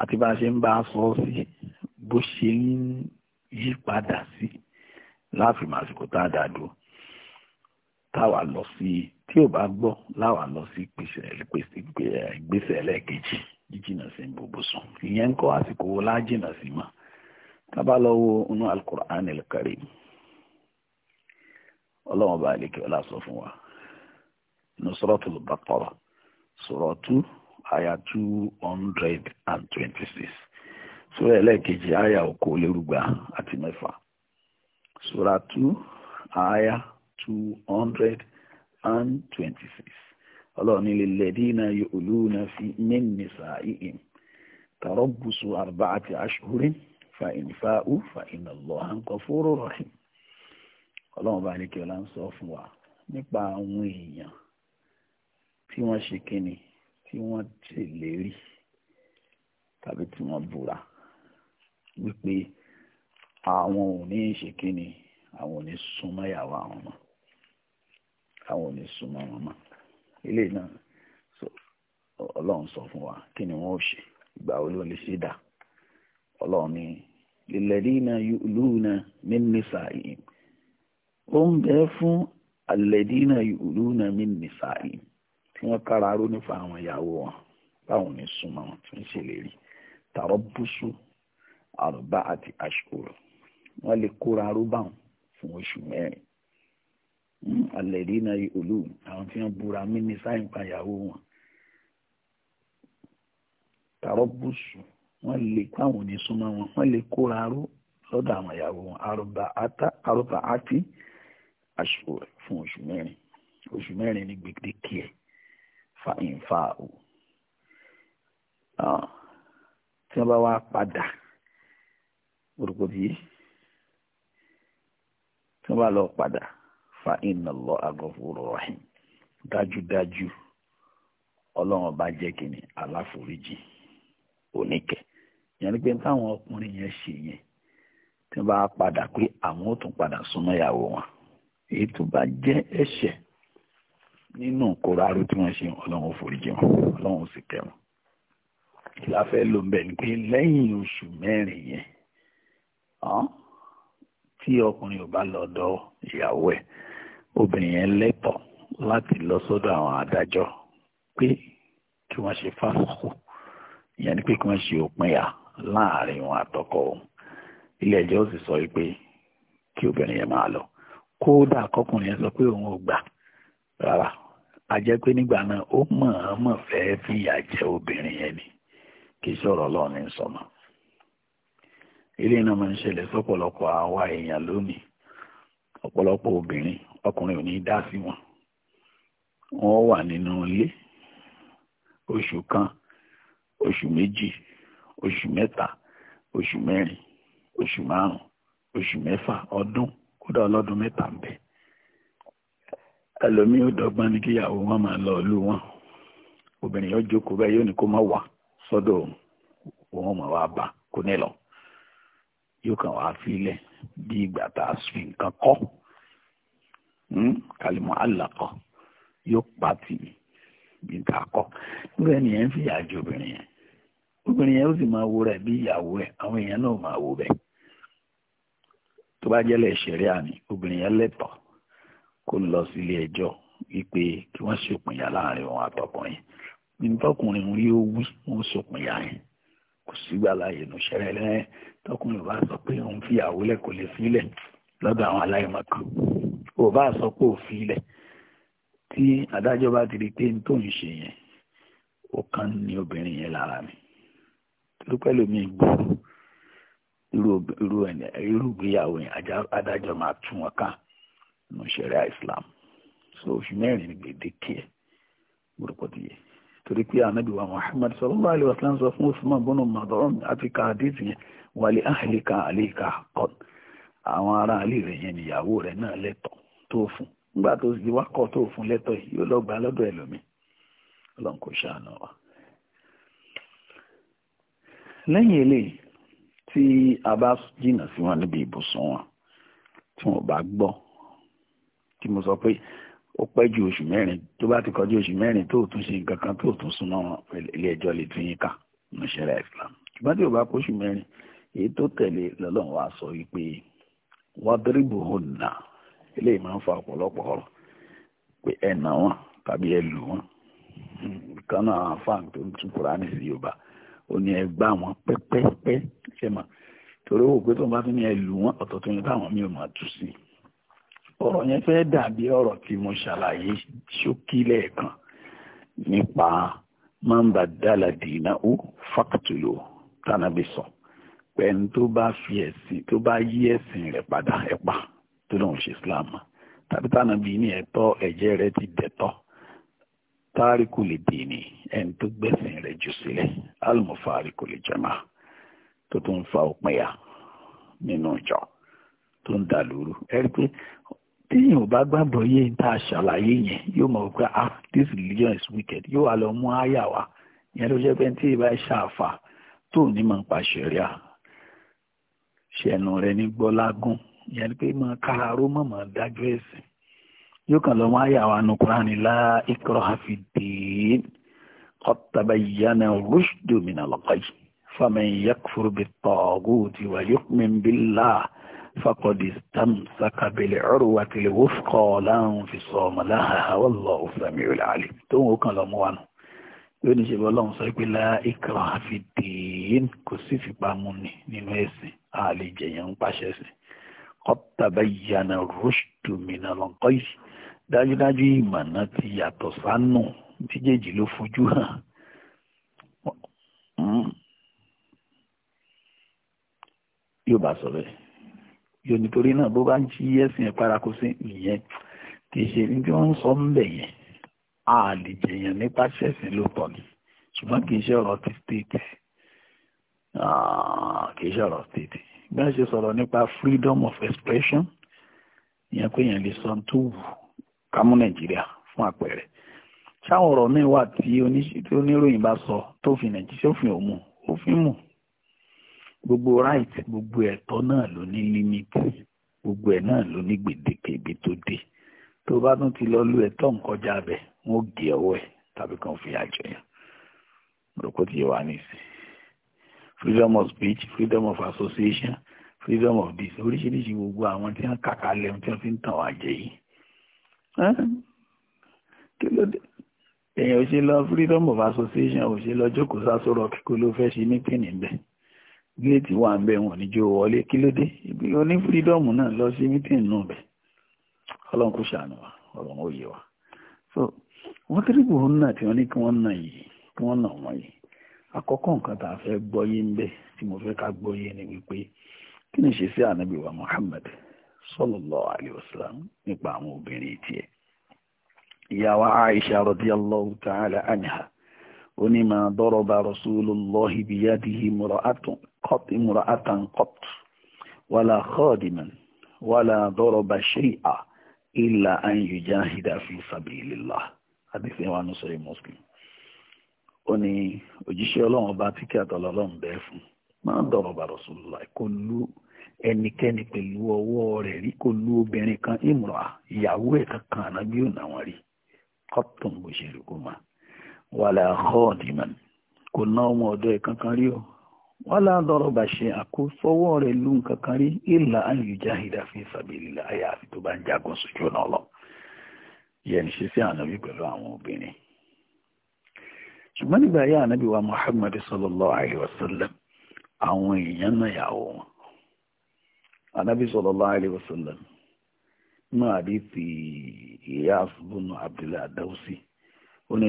àti bá a ṣe ń bá a sọ sí bó ṣe ń yí padà sí láàfin àsìkò tá a dá dúró táwa lọ sí tí ò bá gbọ́ láwa lọ sí ìgbésẹ̀ ẹlẹ́ẹ̀kejì jíjìnà sí gbogbo sùn ìyẹn ń kọ́ àsìkò wo lájìnà sí mọ́ tábà lọ wo inú alukur'an al-karim ọlọ́wọ́n bá lè kí ọlá sọ fún wa inú suratul baqara sura two àyà two hundred and twenty six sura ẹlẹ́ẹ̀kejì àyà okòólérúgba àti mẹ́fà sura two àyà two hundred and twenty-six ọlọ́run ní lilladhina yu'luna fi min nisa'ihim tarabbusu arba'ati ashhurin fa in fa'u fa inna Allaha ghafurur rahim ọlọ́run bá ní kí ọlá ń sọ fún wa nípa àwọn èèyàn tí wọ́n ṣe kíni tí wọ́n ṣèlérí tàbí tí wọ́n búra wípé àwọn ò ní ṣe kíni àwọn ò ní súnmọ́ ìyàwó àwọn náà àwọn ò ní súnmọ́ wọn mọ́ ilé náà ọlọ́run sọ fún wa kí ni wọ́n ó ṣe ìgbà wo ló lè ṣe dà ọlọ́run ní lilladina yu'luna min nisa'ihim ó ń bẹ fún alladina yu'luna min nisa'ihim tí wọ́n kára ró nípa àwọn ìyàwó wọn báwọn ní wọn tí ṣe lè rí tarabbusu arba'ati ashhur wọ́n lè kóra ró báwọn fún oṣù mẹ́rin alẹ́rí náà olú àwọn tí wọ́n búra mí ní sáyìn payàwó wọn tààrọ́ bùsù wọ́n lè káwọn ní súnmọ́ wọn wọ́n lè kóra ró lọ́dọ̀ àwọn ìyàwó wọn àrùbà àti àṣùwò fún oṣù mẹ́rin oṣù mẹ́rin ní gbèdéke ẹ̀ fa ìfà o ah, tí wọ́n bá wá padà orúkọ bíi tí wọ́n bá lọ padà fa inna Allaha ghafurur rahim dájúdájú ọlọ́run bá jẹ́ kínní aláforíjì oníkẹ́ yẹn ni pé táwọn ọkùnrin yẹn ṣe yẹn tí wọ́n bá padà pé àwọn ò tún padà súnmọ́ ìyàwó wọn èyí tó bá jẹ́ ẹ̀ṣẹ̀ nínú kóra aró tí wọ́n ṣe ọlọ́run foríjì wọn ọlọ́run sì kẹ́ wọn la fẹ́ ń bẹ̀ ni pé lẹ́yìn oṣù mẹ́rin yẹn tí ọkùnrin ò bá lọ dọ̀ ìyàwó ẹ̀ obìnrin yẹn lẹ́tọ̀ láti lọ sọ́dọ̀ àwọn adájọ́ pé kí wọ́n ṣe fásitì ìyẹn ni pé kí wọ́n ṣe òpinya láàrin wọn àtọkọ òun ilé ẹjọ́ sì sọ pé kí obìnrin yẹn máa lọ kódà kọkùnrin yẹn sọ pé òun ò gbà rárá a jẹ́ pé nígbà náà ó fẹ́ẹ́ fìyà obìnrin ni kì í sọ̀rọ̀ Ọlọ́run ní sọmọ ilé iná máa ń ṣẹlẹ̀ sọ́pọ̀lọpọ̀ àwa èèyàn lónìí ọ̀pọ̀lọpọ̀ obìnrin ọkùnrin ò ní dá sí wọn wọ́n wà nínú ilé oṣù kan oṣù méjì oṣù mẹ́ta oṣù mẹ́rin oṣù márùn oṣù mẹ́fà ọdún kódà ọlọ́dún mẹ́ta ń bẹ ẹlòmíín ò dọ́gbọ́n ní kíyàwó wọn máa lọ ìlú wọn obìnrin yóò jókòó bẹ́ẹ̀ yóò ní kó má wà sọ́dọ̀ òun òun máa bá kó nílọ yóò kàn wá fílẹ̀ bí ìgbà tá a sùn nǹkan kọ́ kalimọ hmm? alakọ yóò pa tì mí bí n ta kọ nígbà yẹn nìyẹn fi yàjọ obìnrin yẹn obìnrin yẹn ó sì máa wo rẹ bí ìyàwó ẹ àwọn èèyàn náà máa wo bẹ́ẹ̀ tó bá jẹ́lẹ̀ ṣẹ̀ríà ni obìnrin yẹn lẹ́tọ̀ọ́ kó lọ sí ilé ẹjọ́ wípé kí wọ́n ṣòpinya láàrin òun àtọkùnrin nítọkùnrin òun yóò wí wọ́n ṣòpinya yẹn kò sígbà láàyè nù ṣẹlẹ̀ lẹ́yìn tọkùnrin bá sọ pé òun fìyàwó lẹ̀ kò lè sílẹ̀ lọ́dọ̀ àwọn aláìmọ̀kan ò bá sọ pé òfin ilẹ̀ tí adájọ́ bá ti rí pé tó ń ṣe yẹn ó kàn ní obìnrin yẹn lára mi torípẹ́ lómi gbòòrò irú irú ìgbéyàwó yẹn adájọ́ máa tú wọn ká nù ṣẹ̀ríà Islam so oṣù mẹ́rin ni gbèdéke ẹ̀ gbòòrò ti yẹ torí pé ànábì wa Muhammad sallallahu alaihi wasallam sọ fún Usman bọ́nà Mad'un àti kàdíìtì yẹn wà lè kan àlè ìka kan àwọn ará àlè rẹ̀ yẹn níyàwó rẹ̀ náà lẹ́tọ̀ọ́ tó fún nígbà tó sì wá kọ́ tó fún lẹ́tọ̀ yìí yóò lọ gbà lọ́dọ̀ ẹlòmíì ọlọ́run kò ṣàánú wa. lẹ́yìn eléyìí tí a bá jìnnà sí wọn níbi ibùsùn wọn tí wọn bá gbọ́ tí mo sọ pé ó pẹ́ ju oṣù mẹ́rin tó bá ti kọjú oṣù mẹ́rin tó tún ṣe nǹkan kan tó tún súnmọ́ ilé ẹjọ́ lè tún yín ká ní ṣẹlẹ̀ Islam ṣùgbọ́n tí o bá kóṣù mẹ́rin èyí tó tẹ̀lé lọ́lọ́run wa sọ wípé wàdúrìbù hùnà eléyìí máa ń fa ọ̀pọ̀lọpọ̀ ọ̀rọ̀ pé ẹ nà wọ́n tàbí ẹ lù wọ́n kan náà àwọn afáàn tó ń tún kúránì sí yorùbá ó ní ẹ gbá wọn pẹ́pẹ́pẹ́ ṣe mà torí ó pé tó ń bá tún ní ẹ lù wọ́n ọ̀tọ̀ tó ń táwọn mi ò máa tù sí tó lóun ṣe islam tàbí tánà bí ní ẹ̀tọ́ ẹ̀jẹ̀ rẹ̀ ti dẹ̀tọ́ táríkù lè dì ní ẹni tó gbẹ̀sìn rẹ̀ jù sílẹ̀ almufariku lè jẹ́mà tó tó ń fa òpinya nínú ìjọ tó ń dà lóru ẹ̀rí pé tíyìn ò bá gbàgbọ́ yé ń tá a ṣàlàyé yẹn yóò mọ̀ pé ah this religion is wicked yóò wá lọ mú àyà wá ìyẹn ló jẹ́ pé tí ìbá ṣàfà tó ní mọ̀ ń pa ṣẹ̀ríà ṣẹ̀nù rẹ̀ ní gbọ́lágún ìyẹn ni pé máa káró mọ̀ mọ̀ dájú ẹ̀sìn yóò kàn lọ wọn àyà wa nu Kùránì la ikraha fi ddin qad tabayyana rushdu minal ghayy faman yakfur bit-taghuti wa yu'min billah faqad istamsaka bil-'urwatil wuthqa la infisama laha wallahu sami'un 'alim tóun ó kàn lọ mọ́ wa nù yóò ní ṣe bọ́ sọ pé la ikraha fi ddin kò sí fipá múni nínú ẹ̀sìn àlejò ń pàṣẹ sí qad tabayyana rushdu minal ghayy dájúdájú ìmọ̀nà ti yàtọ̀ sánù méjèèjì ló fojú hàn yóò bá sọ bẹ́ẹ̀ yóò nítorí náà bó bá ń jí ẹ̀sìn ẹ̀ paraku sí ìyẹn kì í ṣe ní tí wọ́n sọ ń bẹ̀ yẹn a lè jẹyàn nípa ṣẹ̀sìn lóòótọ́ ni ṣùgbọ́n kì í ṣe ọ̀rọ̀ ti stéètì ah, kì í ṣe ọ̀rọ̀ stéètì bí wọ́n ṣe sọ̀rọ̀ nípa freedom of expression ìyẹn pé èèyàn lè sọ tó wù kámú nàìjíríà fún àpẹẹrẹ ṣáwọn ọ̀rọ̀ míì wà tí oníròyìn bá sọ tó fi nàìjíríà òfin òmu òfin mu gbogbo right gbogbo ẹ̀tọ́ náà ló ní limit gbogbo ẹ̀ náà ló ní gbèdéke ibi tó dé tó bá tún ti lọ lu ẹ̀tọ́ nǹkan jábẹ̀ wọ́n gé ọwọ́ ẹ̀ tàbí kan fi àjọyàn rògbòdìyẹ wà nísìnyí freedom of speech freedom of association freedom of this oríṣiríṣi gbogbo àwọn tí wọ́n kàkà lẹ́nu tí wọ́n fi ń tàn wá jẹ yìí kí ló dé èèyàn ò ṣe lọ freedom of association ò ṣe lọ jókòó sásọ̀rọ̀ kíkó ló fẹ́ ṣe ní pínì bẹ́ẹ̀ gíléètì wà ń bẹ wọn níjó wọlé kí ló dé ibi oní freedom náà lọ sí mítìn nù bẹ́ẹ̀ ọlọ́run kò ṣàánú wa ọlọ́run ò yé wa so wọ́n tẹ́lẹ̀ bò ń nà tí wọ́n ní kí wọ́n nà yìí kí wọ́n nà wọ́n yìí àkọ́kọ́ nǹkan tá a fẹ́ gbọ́yé ń bẹ̀ tí mo fẹ́ ká gbọ́yé ni wípé kí ni ṣe sí ànábì wa Muhammad sallallahu alayhi wa sallam nípa àwọn obìnrin tiẹ̀ ìyá wa Aisha radiyallahu ta'ala anha ó ní ma daraba rasulullahi biyadihi mura'atan qat wala khadiman wala daraba shay'an illa an yujahida fi sabilillah àdìsẹ́wà ní sọ́yìn Muslim ó ní òjíṣẹ́ ọlọ́run ọba tí kí àtọ̀lọ́ ọlọ́run bẹ́ẹ̀ fún máa ń dọ̀rọ̀ bàrọ̀ sùlùlà kò lu ẹnikẹ́ni pẹ̀lú ọwọ́ lu obìnrin kan ìmùrà ìyàwó ẹ̀ kankan ànábí ònà wọn rí kọ́tùn bó ṣe rí kó mà wàlà khadiman kò ná ọmọ ọ̀dọ́ ẹ̀ kankan rí o lu kankan rí ìlà fi tó bá ń jagun sójú yẹn ṣe sí ànábí pẹ̀lú àwọn obìnrin ṣùgbọ́n nígbà yá ànábì wa Muhammad sallallahu alayhi wa sallam àwọn èèyàn náà yàwó wọn ànábì sallallahu alayhi wa sallam náà àdìsí ìyá àfúnbùnú Abdullahi Adawsi ó ní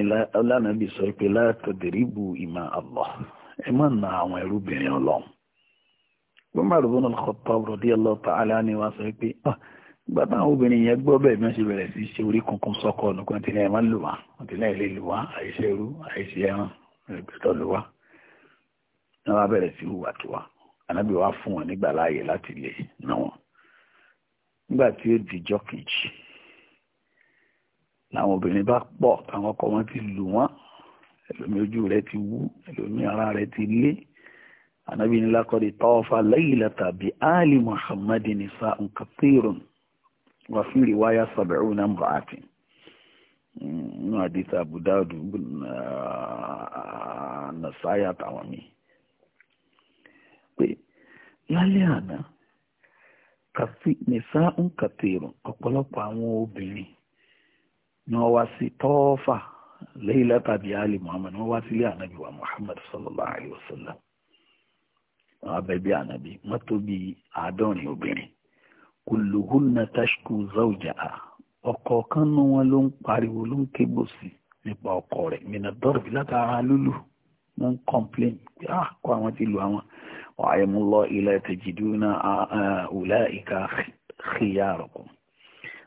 lánàbì sọ pé látọ̀dẹ̀ríbù ìmọ̀ Allah ẹ má na àwọn ẹrúbìnrin ọlọ́run Umar ibn al-Khattab radiyallahu ta'ala anhu wá sọ pé ah, ìgbà táwọn obìnrin yẹn gbọ́ bẹ́ẹ̀ bí wọ́n ṣe bẹ̀rẹ̀ sí ṣe orí kankan sọ́kọ nìkan tí náà máa lò wá wọ́n ti náà lè lò wá àìṣe irú àìṣe ẹran ìrìpẹ̀tọ̀ lò wá náà wá bẹ̀rẹ̀ sí hùwà tó wá ànábì wá fún wọn nígbà láàyè láti lè ná wọn nígbà tí ó dijọ́ kejì làwọn obìnrin bá pọ̀ táwọn ọkọ wọn ti lù wọ́n ẹlòmí ojú rẹ̀ ti wú ẹlòmí ara rẹ̀ ti lé ànábì ńlá kọ́ wà fi rìwáyà sọ̀bẹ̀rún náà mọ̀ àti nínú àdìsí àbúdáàdù nàṣáyà àtàwọn mi pé lálẹ́ àná nìṣá ń kàtèrò ọ̀pọ̀lọpọ̀ àwọn obìnrin ni wọ́n wá sí tọ́ọ̀fà lẹ́yìn látàbí ali muhammad wọ́n wá sílé ànábì wa muhammad sallallahu alayhi wa sallam wọ́n abẹ́ bí ànábì wọ́n tó bí àádọ́rin obìnrin kùlùhùnà tashku zawjaha ọ̀kọ̀ọ̀kan nu wọn ló ń pariwo ló ń kégbò sí nípa ọkọ rẹ̀ mina dọ́rọ̀bì látara lúlù wọ́n ń kọ́mplain pé ah kó àwọn ti lu àwọn wàhálà lọ ilẹ̀ tajiduna ulaika khiyarakum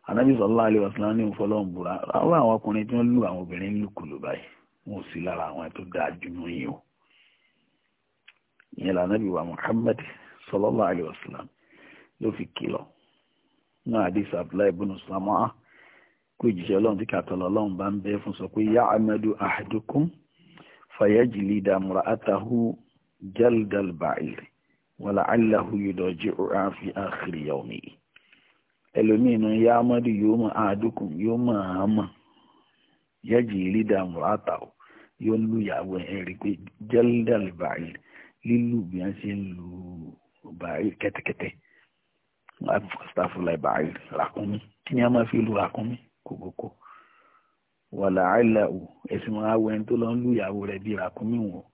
anabi sallallahu alaihi wasallam ní ìfọlọ́n búra àwọn àwọn ọkùnrin tí wọ́n lu àwọn obìnrin lùkùlù báyìí wọn ò sí lára àwọn ló fi kìlọ̀ ní àdìsí abdullahi ibùnú sàmọ́à kó ìjìṣẹ́ ọlọ́run tí kàtọ́lọ́ ọlọ́run bá ń bẹ́ fún sọ pé yá amadu ahadukum fayajili damura atahu jaldal ba'iri wàlà aláhu yudọ̀jì òrànfi àkìrì yọ̀mí ẹlòmíì nù yá amadu yóò mọ ahadukum yóò mọ àmọ́ yajili damura atahu wọ́n ṣe ń lu ba'iri kẹ́tẹ́kẹ́tẹ́ láfúláìbàárì ràkúnmí kí ni a máa fi lu ràkúnmí kòkòkò wàlà àìlàwò ẹ̀sìn máa wẹ ẹni tó lọ ń lu ìyàwó rẹ̀ bí ràkúnmí wọn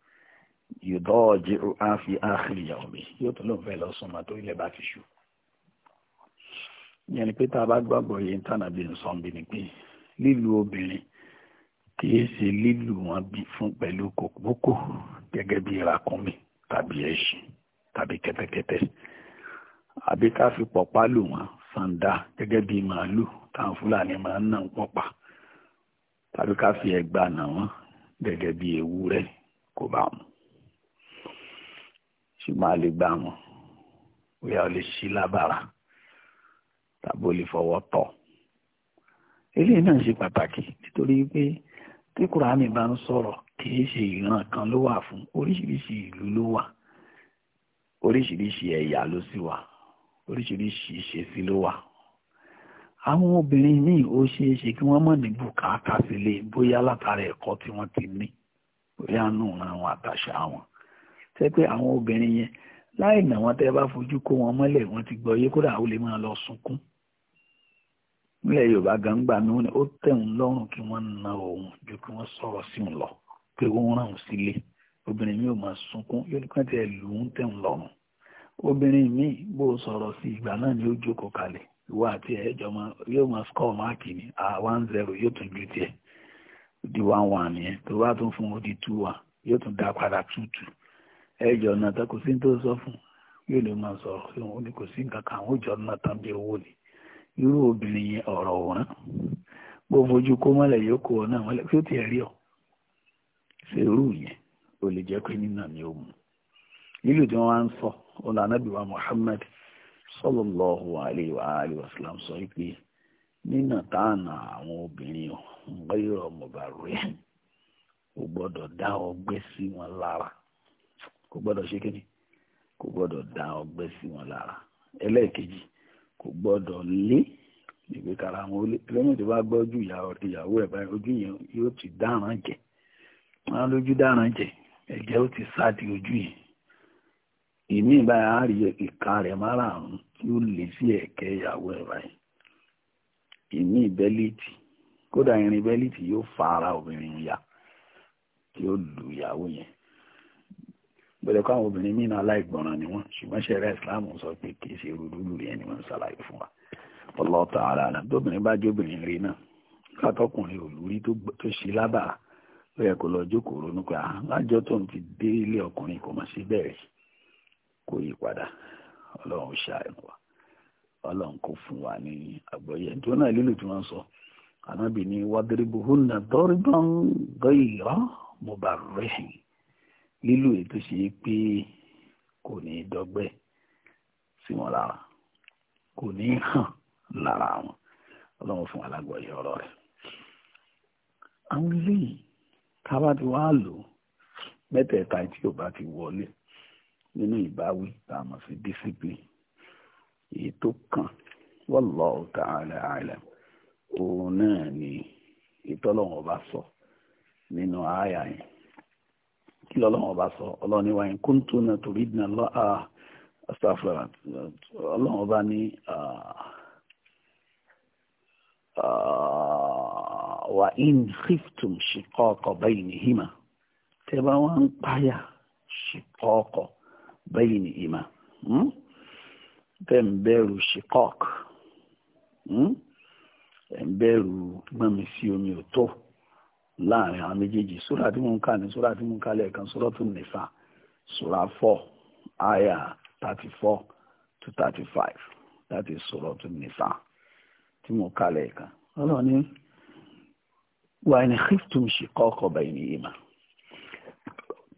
yòdọ́ ọ̀jẹ́ àfi àkìrì ìyàwó mi yóò tó lóun fẹ́ lọ sùn mà tó ilẹ̀ bá fi ṣù. ìyẹn ni pé tá a bá gbàgbọ́ yẹn tànàbí nsọ́n bí ni pé lílu obìnrin kìí ṣe lílù wọn bí fún pẹ̀lú kòkòkò gẹ́gẹ́ bí ràkúnmí tàbí ẹṣin tàbí kẹ́tẹ́kẹ́tẹ́ àbí ká fi pọ̀pá lù wọ́n sàǹdà gẹ́gẹ́ bíi màálù táwọn fúlàní máa ń nà ń pọ̀pá tàbí ká fi ẹ̀gbà nà wọ́n gẹ́gẹ́ bíi ewúrẹ́ kò bá mu ṣùgbọ́n a lè gbà wọ́n bóyá o lè ṣí lábàrá tàbí o lè fọwọ́ tọ́ eléyìí náà ṣe pàtàkì nítorí pé tí kùránì bá ń sọ̀rọ̀ kì í ṣe ìran kan ló wà fún oríṣiríṣi ìlú ló wà oríṣiríṣi ẹ̀yà ló sì wà oríṣiríṣi ìṣesí ló wà àwọn obìnrin míì ó ṣeé ṣe kí wọ́n mọ̀ ní bùkátà sílé bóyá látara ẹ̀kọ́ tí wọ́n ti ní bóyá nù àwọn àtàṣà wọn ṣe pé àwọn obìnrin yẹn láì nà wọ́n tẹ́ bá fojú kó wọn mọ́lẹ̀ wọ́n ti gbọ́ yé kódà ó lè máa lọ sunkún nílẹ̀ yorùbá gangba ni wọ́n ó tẹ̀hún lọ́rùn kí wọ́n na òun ju kí wọ́n sọ̀rọ̀ sí òun lọ pé wọ́n ràn òun sílé obìnrin mi ò máa sunkún yóò ní kí wọ́n lù ú tẹ̀hún lọ́rùn obìnrin míì bó o sọ̀rọ̀ sí ìgbà náà ni ó jókòó kalẹ̀ ejo àti ẹ̀jọ̀ yóò máa máàkì a one zero yóò tún ju tiẹ̀ di one one yẹn tó bá tún fún di two one yóò tún dá padà two two ẹ̀jọ̀ náà tó kò sí tó sọ fún yóò lè máa sọ̀rọ̀ sí òun ni kò sí nǹkan kan àwọn òjò náà tán bí owó ni irú obìnrin yẹn ọ̀rọ̀ bó fojú kó mọ́lẹ̀ yóò lílù tí wọ́n wá ń sọ ọ̀nà anábìwá Muhammad sallallahu alayhi wa sọ pé nínà táànà àwọn obìnrin ọ̀gbẹ́rẹ́ ọmọbàrẹ́ kò gbọ́dọ̀ dá ọgbẹ́ sí wọn lára kò gbọ́dọ̀ ṣe ni kò gbọ́dọ̀ dá ọgbẹ́ sí wọn lára ẹlẹ́ẹ̀kejì kò gbọ́dọ̀ lé kara lẹ́yìn gbọ́ ojú ìyàwó ẹ̀ báyìí ojú yẹn yóò ti dáràn jẹ wọn lójú dáràn jẹ ẹ̀jẹ̀ ó ti sáà ojú inu ìbáyà á rí ìka rẹ̀ márààrún tí ó lè sí ẹ̀kẹ́ ìyàwó ẹ̀ báyìí kódà irin bẹ́líìtì yóò fa ara obìnrin ya tí ó lu ìyàwó yẹn gbọ́dọ̀ kó àwọn obìnrin míì náà ni wọ́n ṣùgbọ́n ṣẹlẹ̀ islam sọ pé kì í ṣe rúdúrú yẹn ni wọ́n ṣàlàyé fún wa ara rẹ̀ tóbìnrin bá jóbìnrin rí náà látọkùnrin olùrí tó lábàá kó lọ jókòó kó yí padà ọlọ́run ṣàánú wa ọlọ́run kò fún wa ní àgbọ́yé tó náà lílù tí wọ́n sọ ànábì ní wadribuhunna darban ghayra mubarrihin lílù ètò ṣe pé kò ní dọ́gbẹ́ sí wọn lára kò ní hàn lára fún ọ̀rọ̀ rẹ̀ àwọn lò mẹ́tẹ̀ẹ̀ta tí ò bá nínú ìbáwí tá a sí discipline èyí tó kàn wallahu ta'ala a'lam òun náà ni ìtọ́lọ́wọ̀n bá sọ nínú àyà yẹn kí lọ́lọ́wọ̀n bá sọ ọlọ́ni wa in kuntuna turidna Allah astafra ọlọ́wọ̀n bá ní wa in khiftum shiqaqa baynihima tẹ́ bá wọ́n ń páyà shiqaqa baynihima hmm? tẹ́ ń bẹ̀rù shikok hmm? ẹ̀ ń bẹ̀rù gbọ́nmi sí omi ò tó láàrin àwọn méjèèjì sóra tí mo ń kà ní sóra tí mo ń kà lẹ́ẹ̀kan sóra tó nìfà sóra four aya thirty four to thirty five that is sóra tó nìfà tí mo kà lẹ́ẹ̀kan ọlọ́ọ̀ni wà ní khiftum shikok bayinihima.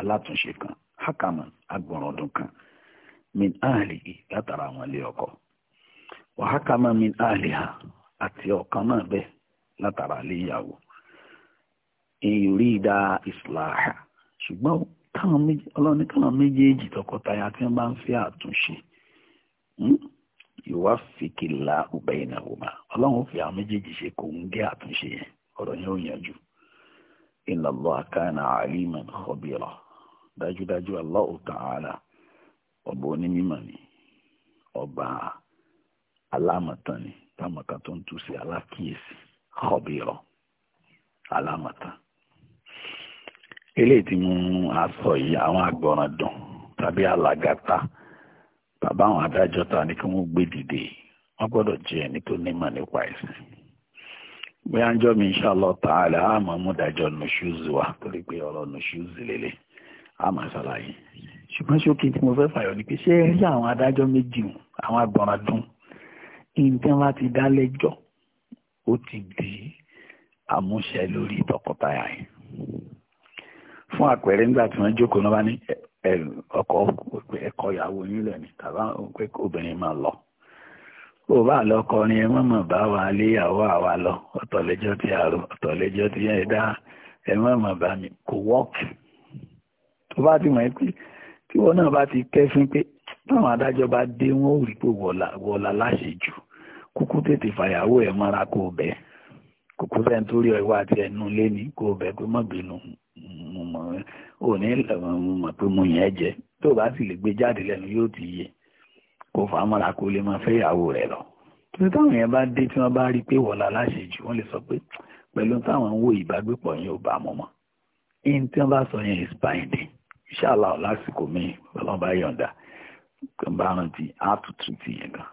alátúnṣe kan hakama agbọ̀rọ̀dún kan min ahli látara àwọn ilé ọkọ wà hakama min ahli ha àti ọkan náà bẹ́ẹ̀ látara ilé ìyàwó ìrí islaha ṣùgbọ́n táwọn méjì ọlọ́ni káwọn méjèèjì tọkọtaya tí wọ́n bá ń fẹ́ àtúnṣe yòówá fìkìlà ọbẹ̀ ìnáwó ma ọlọ́run ó fi àwọn méjèèjì ṣe kò ń gé dájúdájú Allahu Ta'ala ọba onímọ̀ ni ọba alámọ̀tán ni támọ̀kan tó ń tú sí alákìyèsí ọ̀bìrọ̀ alámọ̀tán. eléyìí tí mo sọ yìí àwọn agbọ̀ràn tàbí alagata, bàbá àwọn adájọ́ ta ni kí wọ́n gbé dìde wọ́n gbọ́dọ̀ jẹ́ ẹni tó nímọ̀ nípa ẹ̀sìn bóyá ń jọ́ mi àmọ́ dájọ́ wa torí a máa ṣàlàyé ṣùgbọ́n ṣókè tí mo fẹ́ fàyọ̀ ni pé ṣé ẹ rí àwọn adájọ́ méjì àwọn agbọ̀nràdún nǹkan láti dá lẹ́jọ́ ó ti di àmúṣẹ lórí tọkọtaya yìí fún àpẹẹrẹ nígbà tí wọ́n jókòó náà bá ní ọkọ ẹkọ ìyàwó nílẹ̀ ní tàbá obìnrin máa lọ ó bá lọ kọrin ẹ mọ̀mọ̀ bá wa léyàwó àwa lọ ọ̀tọ̀lẹ́jọ́ ti àrò ọ̀tọ̀lẹ́jọ́ ti ẹ̀dá ẹ mọ̀mọ̀ bá mi kò wọ́ọ̀kì tó bá ti mọ̀ ẹ́ pé tí wọn náà bá ti kẹ́fín pé táwọn adájọ́ bá dé wọn ò rí pé wọ̀ọ̀la láṣejù kúkú tètè fàyàwó ẹ̀ mọ́ra kó o bẹ́ẹ̀ kókó sẹ́ni tó rí ọ ìwà àti ẹnu lé ní kó o bẹ̀ pé mọ̀ bínú mo mọ̀ ò ní mọ̀ pé mo yẹn jẹ tó o bá sì lè gbé jáde lẹ́nu yóò ti yé kó fà á mọ́ra kó lè máa fẹ́ ìyàwó rẹ̀ lọ. torí táwọn yẹn bá dé tí wọ́n bá rí i pé wọ̀ọ́lá láṣejù wọ́n lè sọ pé pẹ̀lú táwọn ń wo ìbágbépọ̀ yẹn ò bá mọ́ mọ́. ẹni tí wọ́n bá sọ yẹn is binding ṣàlà lásìkò mi ọlọ́run bá yọ̀ǹda kí n bá rántí àtútù ti yẹn gan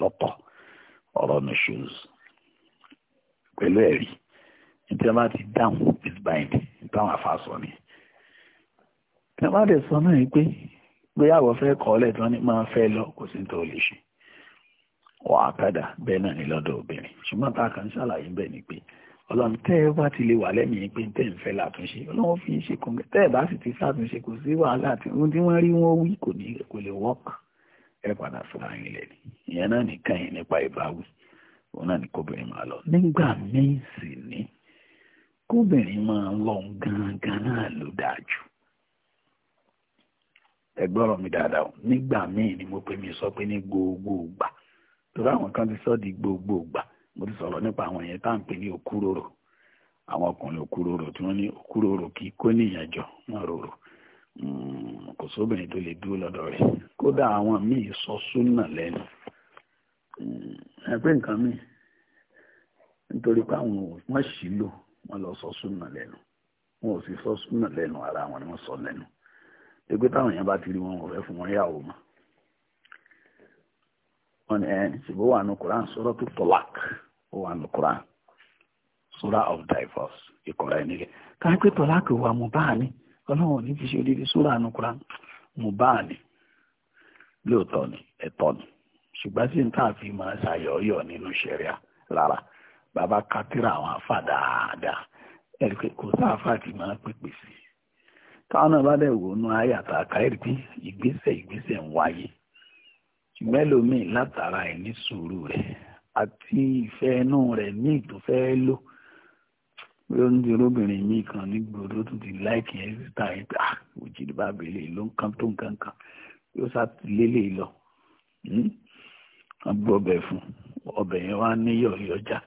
lọ́pọ̀ ọ̀rọ̀ ní shoes pẹ̀lú ẹ̀rí nítorí wọn ti dáhùn is binding táwọn afáàsọ ni tí wọn bá dẹ̀ sọ náà pé gbéyàwó fẹ́ kọ́ ọ́lẹ̀ tí wọ́n ní máa fẹ́ lọ kò sí tó lè ṣe wọ́n á padà bẹ́ẹ̀ náà ní lọ́dọ̀ obìnrin ṣùgbọ́n tá a kàn ń ṣàlàyé bẹ́ẹ̀ ni pé ọlọ́run tẹ́ ẹ bá ti lè wà lẹ́mìí pé tẹ́ ń fẹ́ látúnṣe ọlọ́run fi ń ṣe kọ̀ǹgẹ́ tẹ́ ẹ bá sì ti ṣàtúnṣe kò sí wàhálà tí ohun tí wọ́n rí wọ́n wí kò ní kò lè wọ́ọ̀kì ẹ padà fúnra yín lẹ̀ ni ìyẹn náà nìkan yìí nípa ìbáwí òun náà ní kóbìnrin máa lọ nígbà míì sì ní kóbìnrin máa lọ gangan náà ló dáa jù ẹ mi dáadáa o nígbà míì ni mo pè mí sọ pé ní gbogbo ìgbà torí àwọn kan ti sọ di gbogbo ìgbà mo ti sọ̀rọ̀ nípa àwọn èèyàn tá à ń pè ní òkúròrò àwọn ọkùnrin òkúròrò tí wọ́n ní òkúròrò kí kó níyàn jọ náà rorò hmm, kò sóbìnrin tó lè dúró lọ́dọ̀ rẹ̀ kódà àwọn míì sọ súnà lẹ́nu hmm, ẹgbẹ́ nǹkan míì nítorí pé àwọn wọ́n sọ súnà lẹ́nu wọn ò sì sọ súnà lẹ́nu ara wọn ni wọ́n sọ lẹ́nu táwọn èèyàn bá ti rí wọn ò fún wọn yàwó mọ́ wọn ni ẹ ṣùgbọ́n wà ó wà sura of divorce wa mo bá a fi ṣe odidi sura ní Quran mo bá a ní lóòótọ́ ni ṣùgbọ́n sí ní fi máa ṣàyọ̀ọ́yọ̀ nínú ṣẹ̀ríà rárá bàbá kátírà àwọn afá dáadáa ẹ̀rí pé kò sáfà máa pèpè sí i náà bá dẹ̀ wò nú ayé àti ìfẹ́ inú rẹ̀ ní ìtòfẹ́ lò bí ó ń di olóbìnrin mi kan nígboro tó ti láìkì ẹ́ síta ẹ̀ pé ah òjìlí bá bèlè ló ń kán tó nǹkan kan yóò ṣàtìlélẹ̀ lọ hmm, wọ́n gbọ́ ọbẹ̀ fún ọbẹ̀ yẹn wá ní yọ̀ọ̀yọ̀já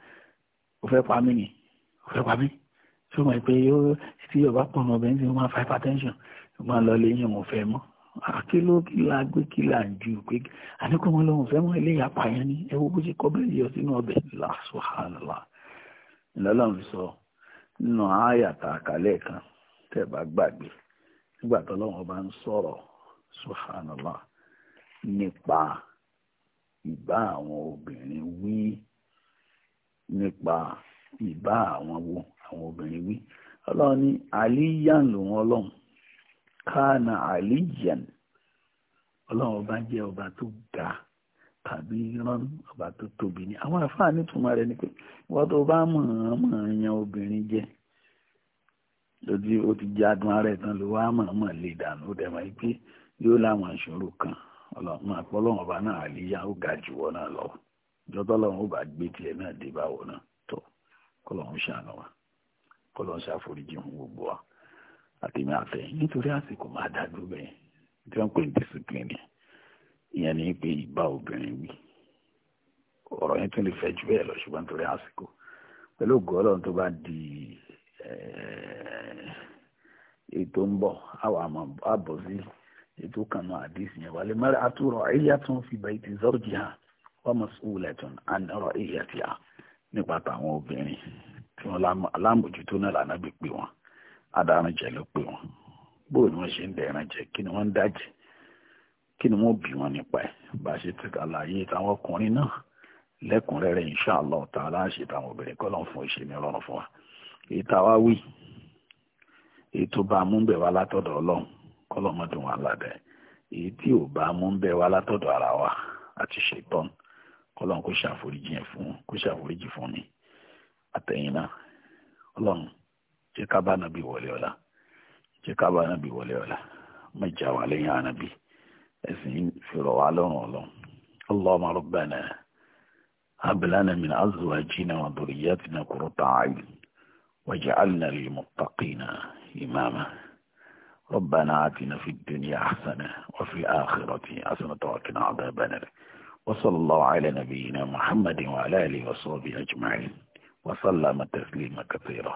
ó fẹ́ pa mí ni ó fẹ́ pa mí ṣé o mọ̀ pé tí Yorùbá pọ̀ ọmọ ọbẹ̀ ń sìn ó máa fa hypertension ó máa lọ lé yín òun fẹ́ mọ́ akíló kí la gbé kí la ń ju pé àníkọ́ wọn lọ́hùn fẹ́ mọ́ ilé ìyapa yẹn ni ẹ wo bó ṣe kọ́ bẹ́ẹ̀ yọ sínú ọbẹ̀ làṣùhàlà ìlọ́lọ́run fi sọ nínú àyàtà àkàlẹ̀ kan tẹ́ bá gbàgbé nígbà tó lọ́wọ́ bá ń sọ̀rọ̀ ṣùhàlà nípa ìbá àwọn obìnrin wí nípa ìbá àwọn wo àwọn obìnrin wí ọlọ́run ní àlíyàn lòun ọlọ́run kánà àlìyàn ọlọ́run ọba jẹ́ ọba tó ga tàbí rán ọba tó tóbi ni àwọn àfáà nítumọ̀ rẹ̀ ni pé wọ́n tó bá mọ̀-ọ́mọ̀ yan obìnrin jẹ lójú ó ti jẹ́ adùn ara ẹ̀ tán ló wá mọ̀-ọ́mọ̀ lè dànù ó dẹ̀ mọ̀ pé yóò láwọn ìṣòro kan ọlọ́run àpọ́lọ́run ọba náà àlìyá ó ga jù wọ́n náà lọ jọ́tọ́ lọ́run ó bá gbé tiẹ̀ náà dé báwọ̀ náà tó kọ́lọ́run ṣàánú wa kọ́lọ́run ṣàforíjì fún gbogbo wa àtẹ̀mí àfẹ́ nítorí àsìkò máa dájú bẹ́ẹ̀ tí wọ́n pè ní discipline ìyẹn ní pé ìbá obìnrin wí ọ̀rọ̀ yẹn tún lè fẹ́ jù bẹ́ẹ̀ lọ ṣùgbọ́n nítorí àsìkò pẹ̀lú ògùn ọlọ́run tó bá di eh, ètò ń bọ̀ àwọn àmọ́ àbọ̀ sí ètò kanu àdìsí yẹn wà lè mara àtúrọ̀ ẹ̀yà tó ń fi bẹ̀rẹ̀ ti zọ́ọ̀jì hàn wọ́n mọ̀ sí wùlẹ̀ tó ń tí a nípa tàwọn obìnrin tí wọ́n lámòjútó náà lànà gbé pé wọn adarunjẹ ló pè wọn bó ni wọn ṣe ń dẹran jẹ kí ni wọn ń dájẹ kí ni wọn bí wọn nípa ẹ bá a ṣe ti àlàyé táwọn ọkùnrin náà lẹ́kùnrẹ́rẹ́ insha Allah ta'ala táwọn obìnrin kọ́ lọ́n fún ìṣe ní fún wa èyí táwa wí èyí tó bá a mú bẹ̀ wá látọ̀dọ̀ ọlọ́run kọ́ lọ́n mọ́dún wa ládàá èyí tí ò bá a mú bẹ̀ wá látọ̀dọ̀ ara wa àti ṣètọ́n kọ́ lọ́n kó ṣàforíjì fún kó ṣàforíjì fún mi àtẹ̀yìn náà ọlọ́run jẹ́ ká bá nàbí wọlé wala jẹ́ ká bá nàbí wọlé ọ̀la mẹ́jà wà lẹ́yìn ànàbí ẹ̀sìn fìrọ̀ wá lọ́rùn ọlọ́run اللهم ربنا هب لنا من أزواجنا وذرياتنا قرة أعين واجعلنا للمتقين إماما ربنا آتنا في الدنيا حسنة وفي الآخرة حسنة وقنا عذاب النار وصلى الله على نبينا محمد وعلى آله وصحبه أجمعين وسلم تسليما كثيرا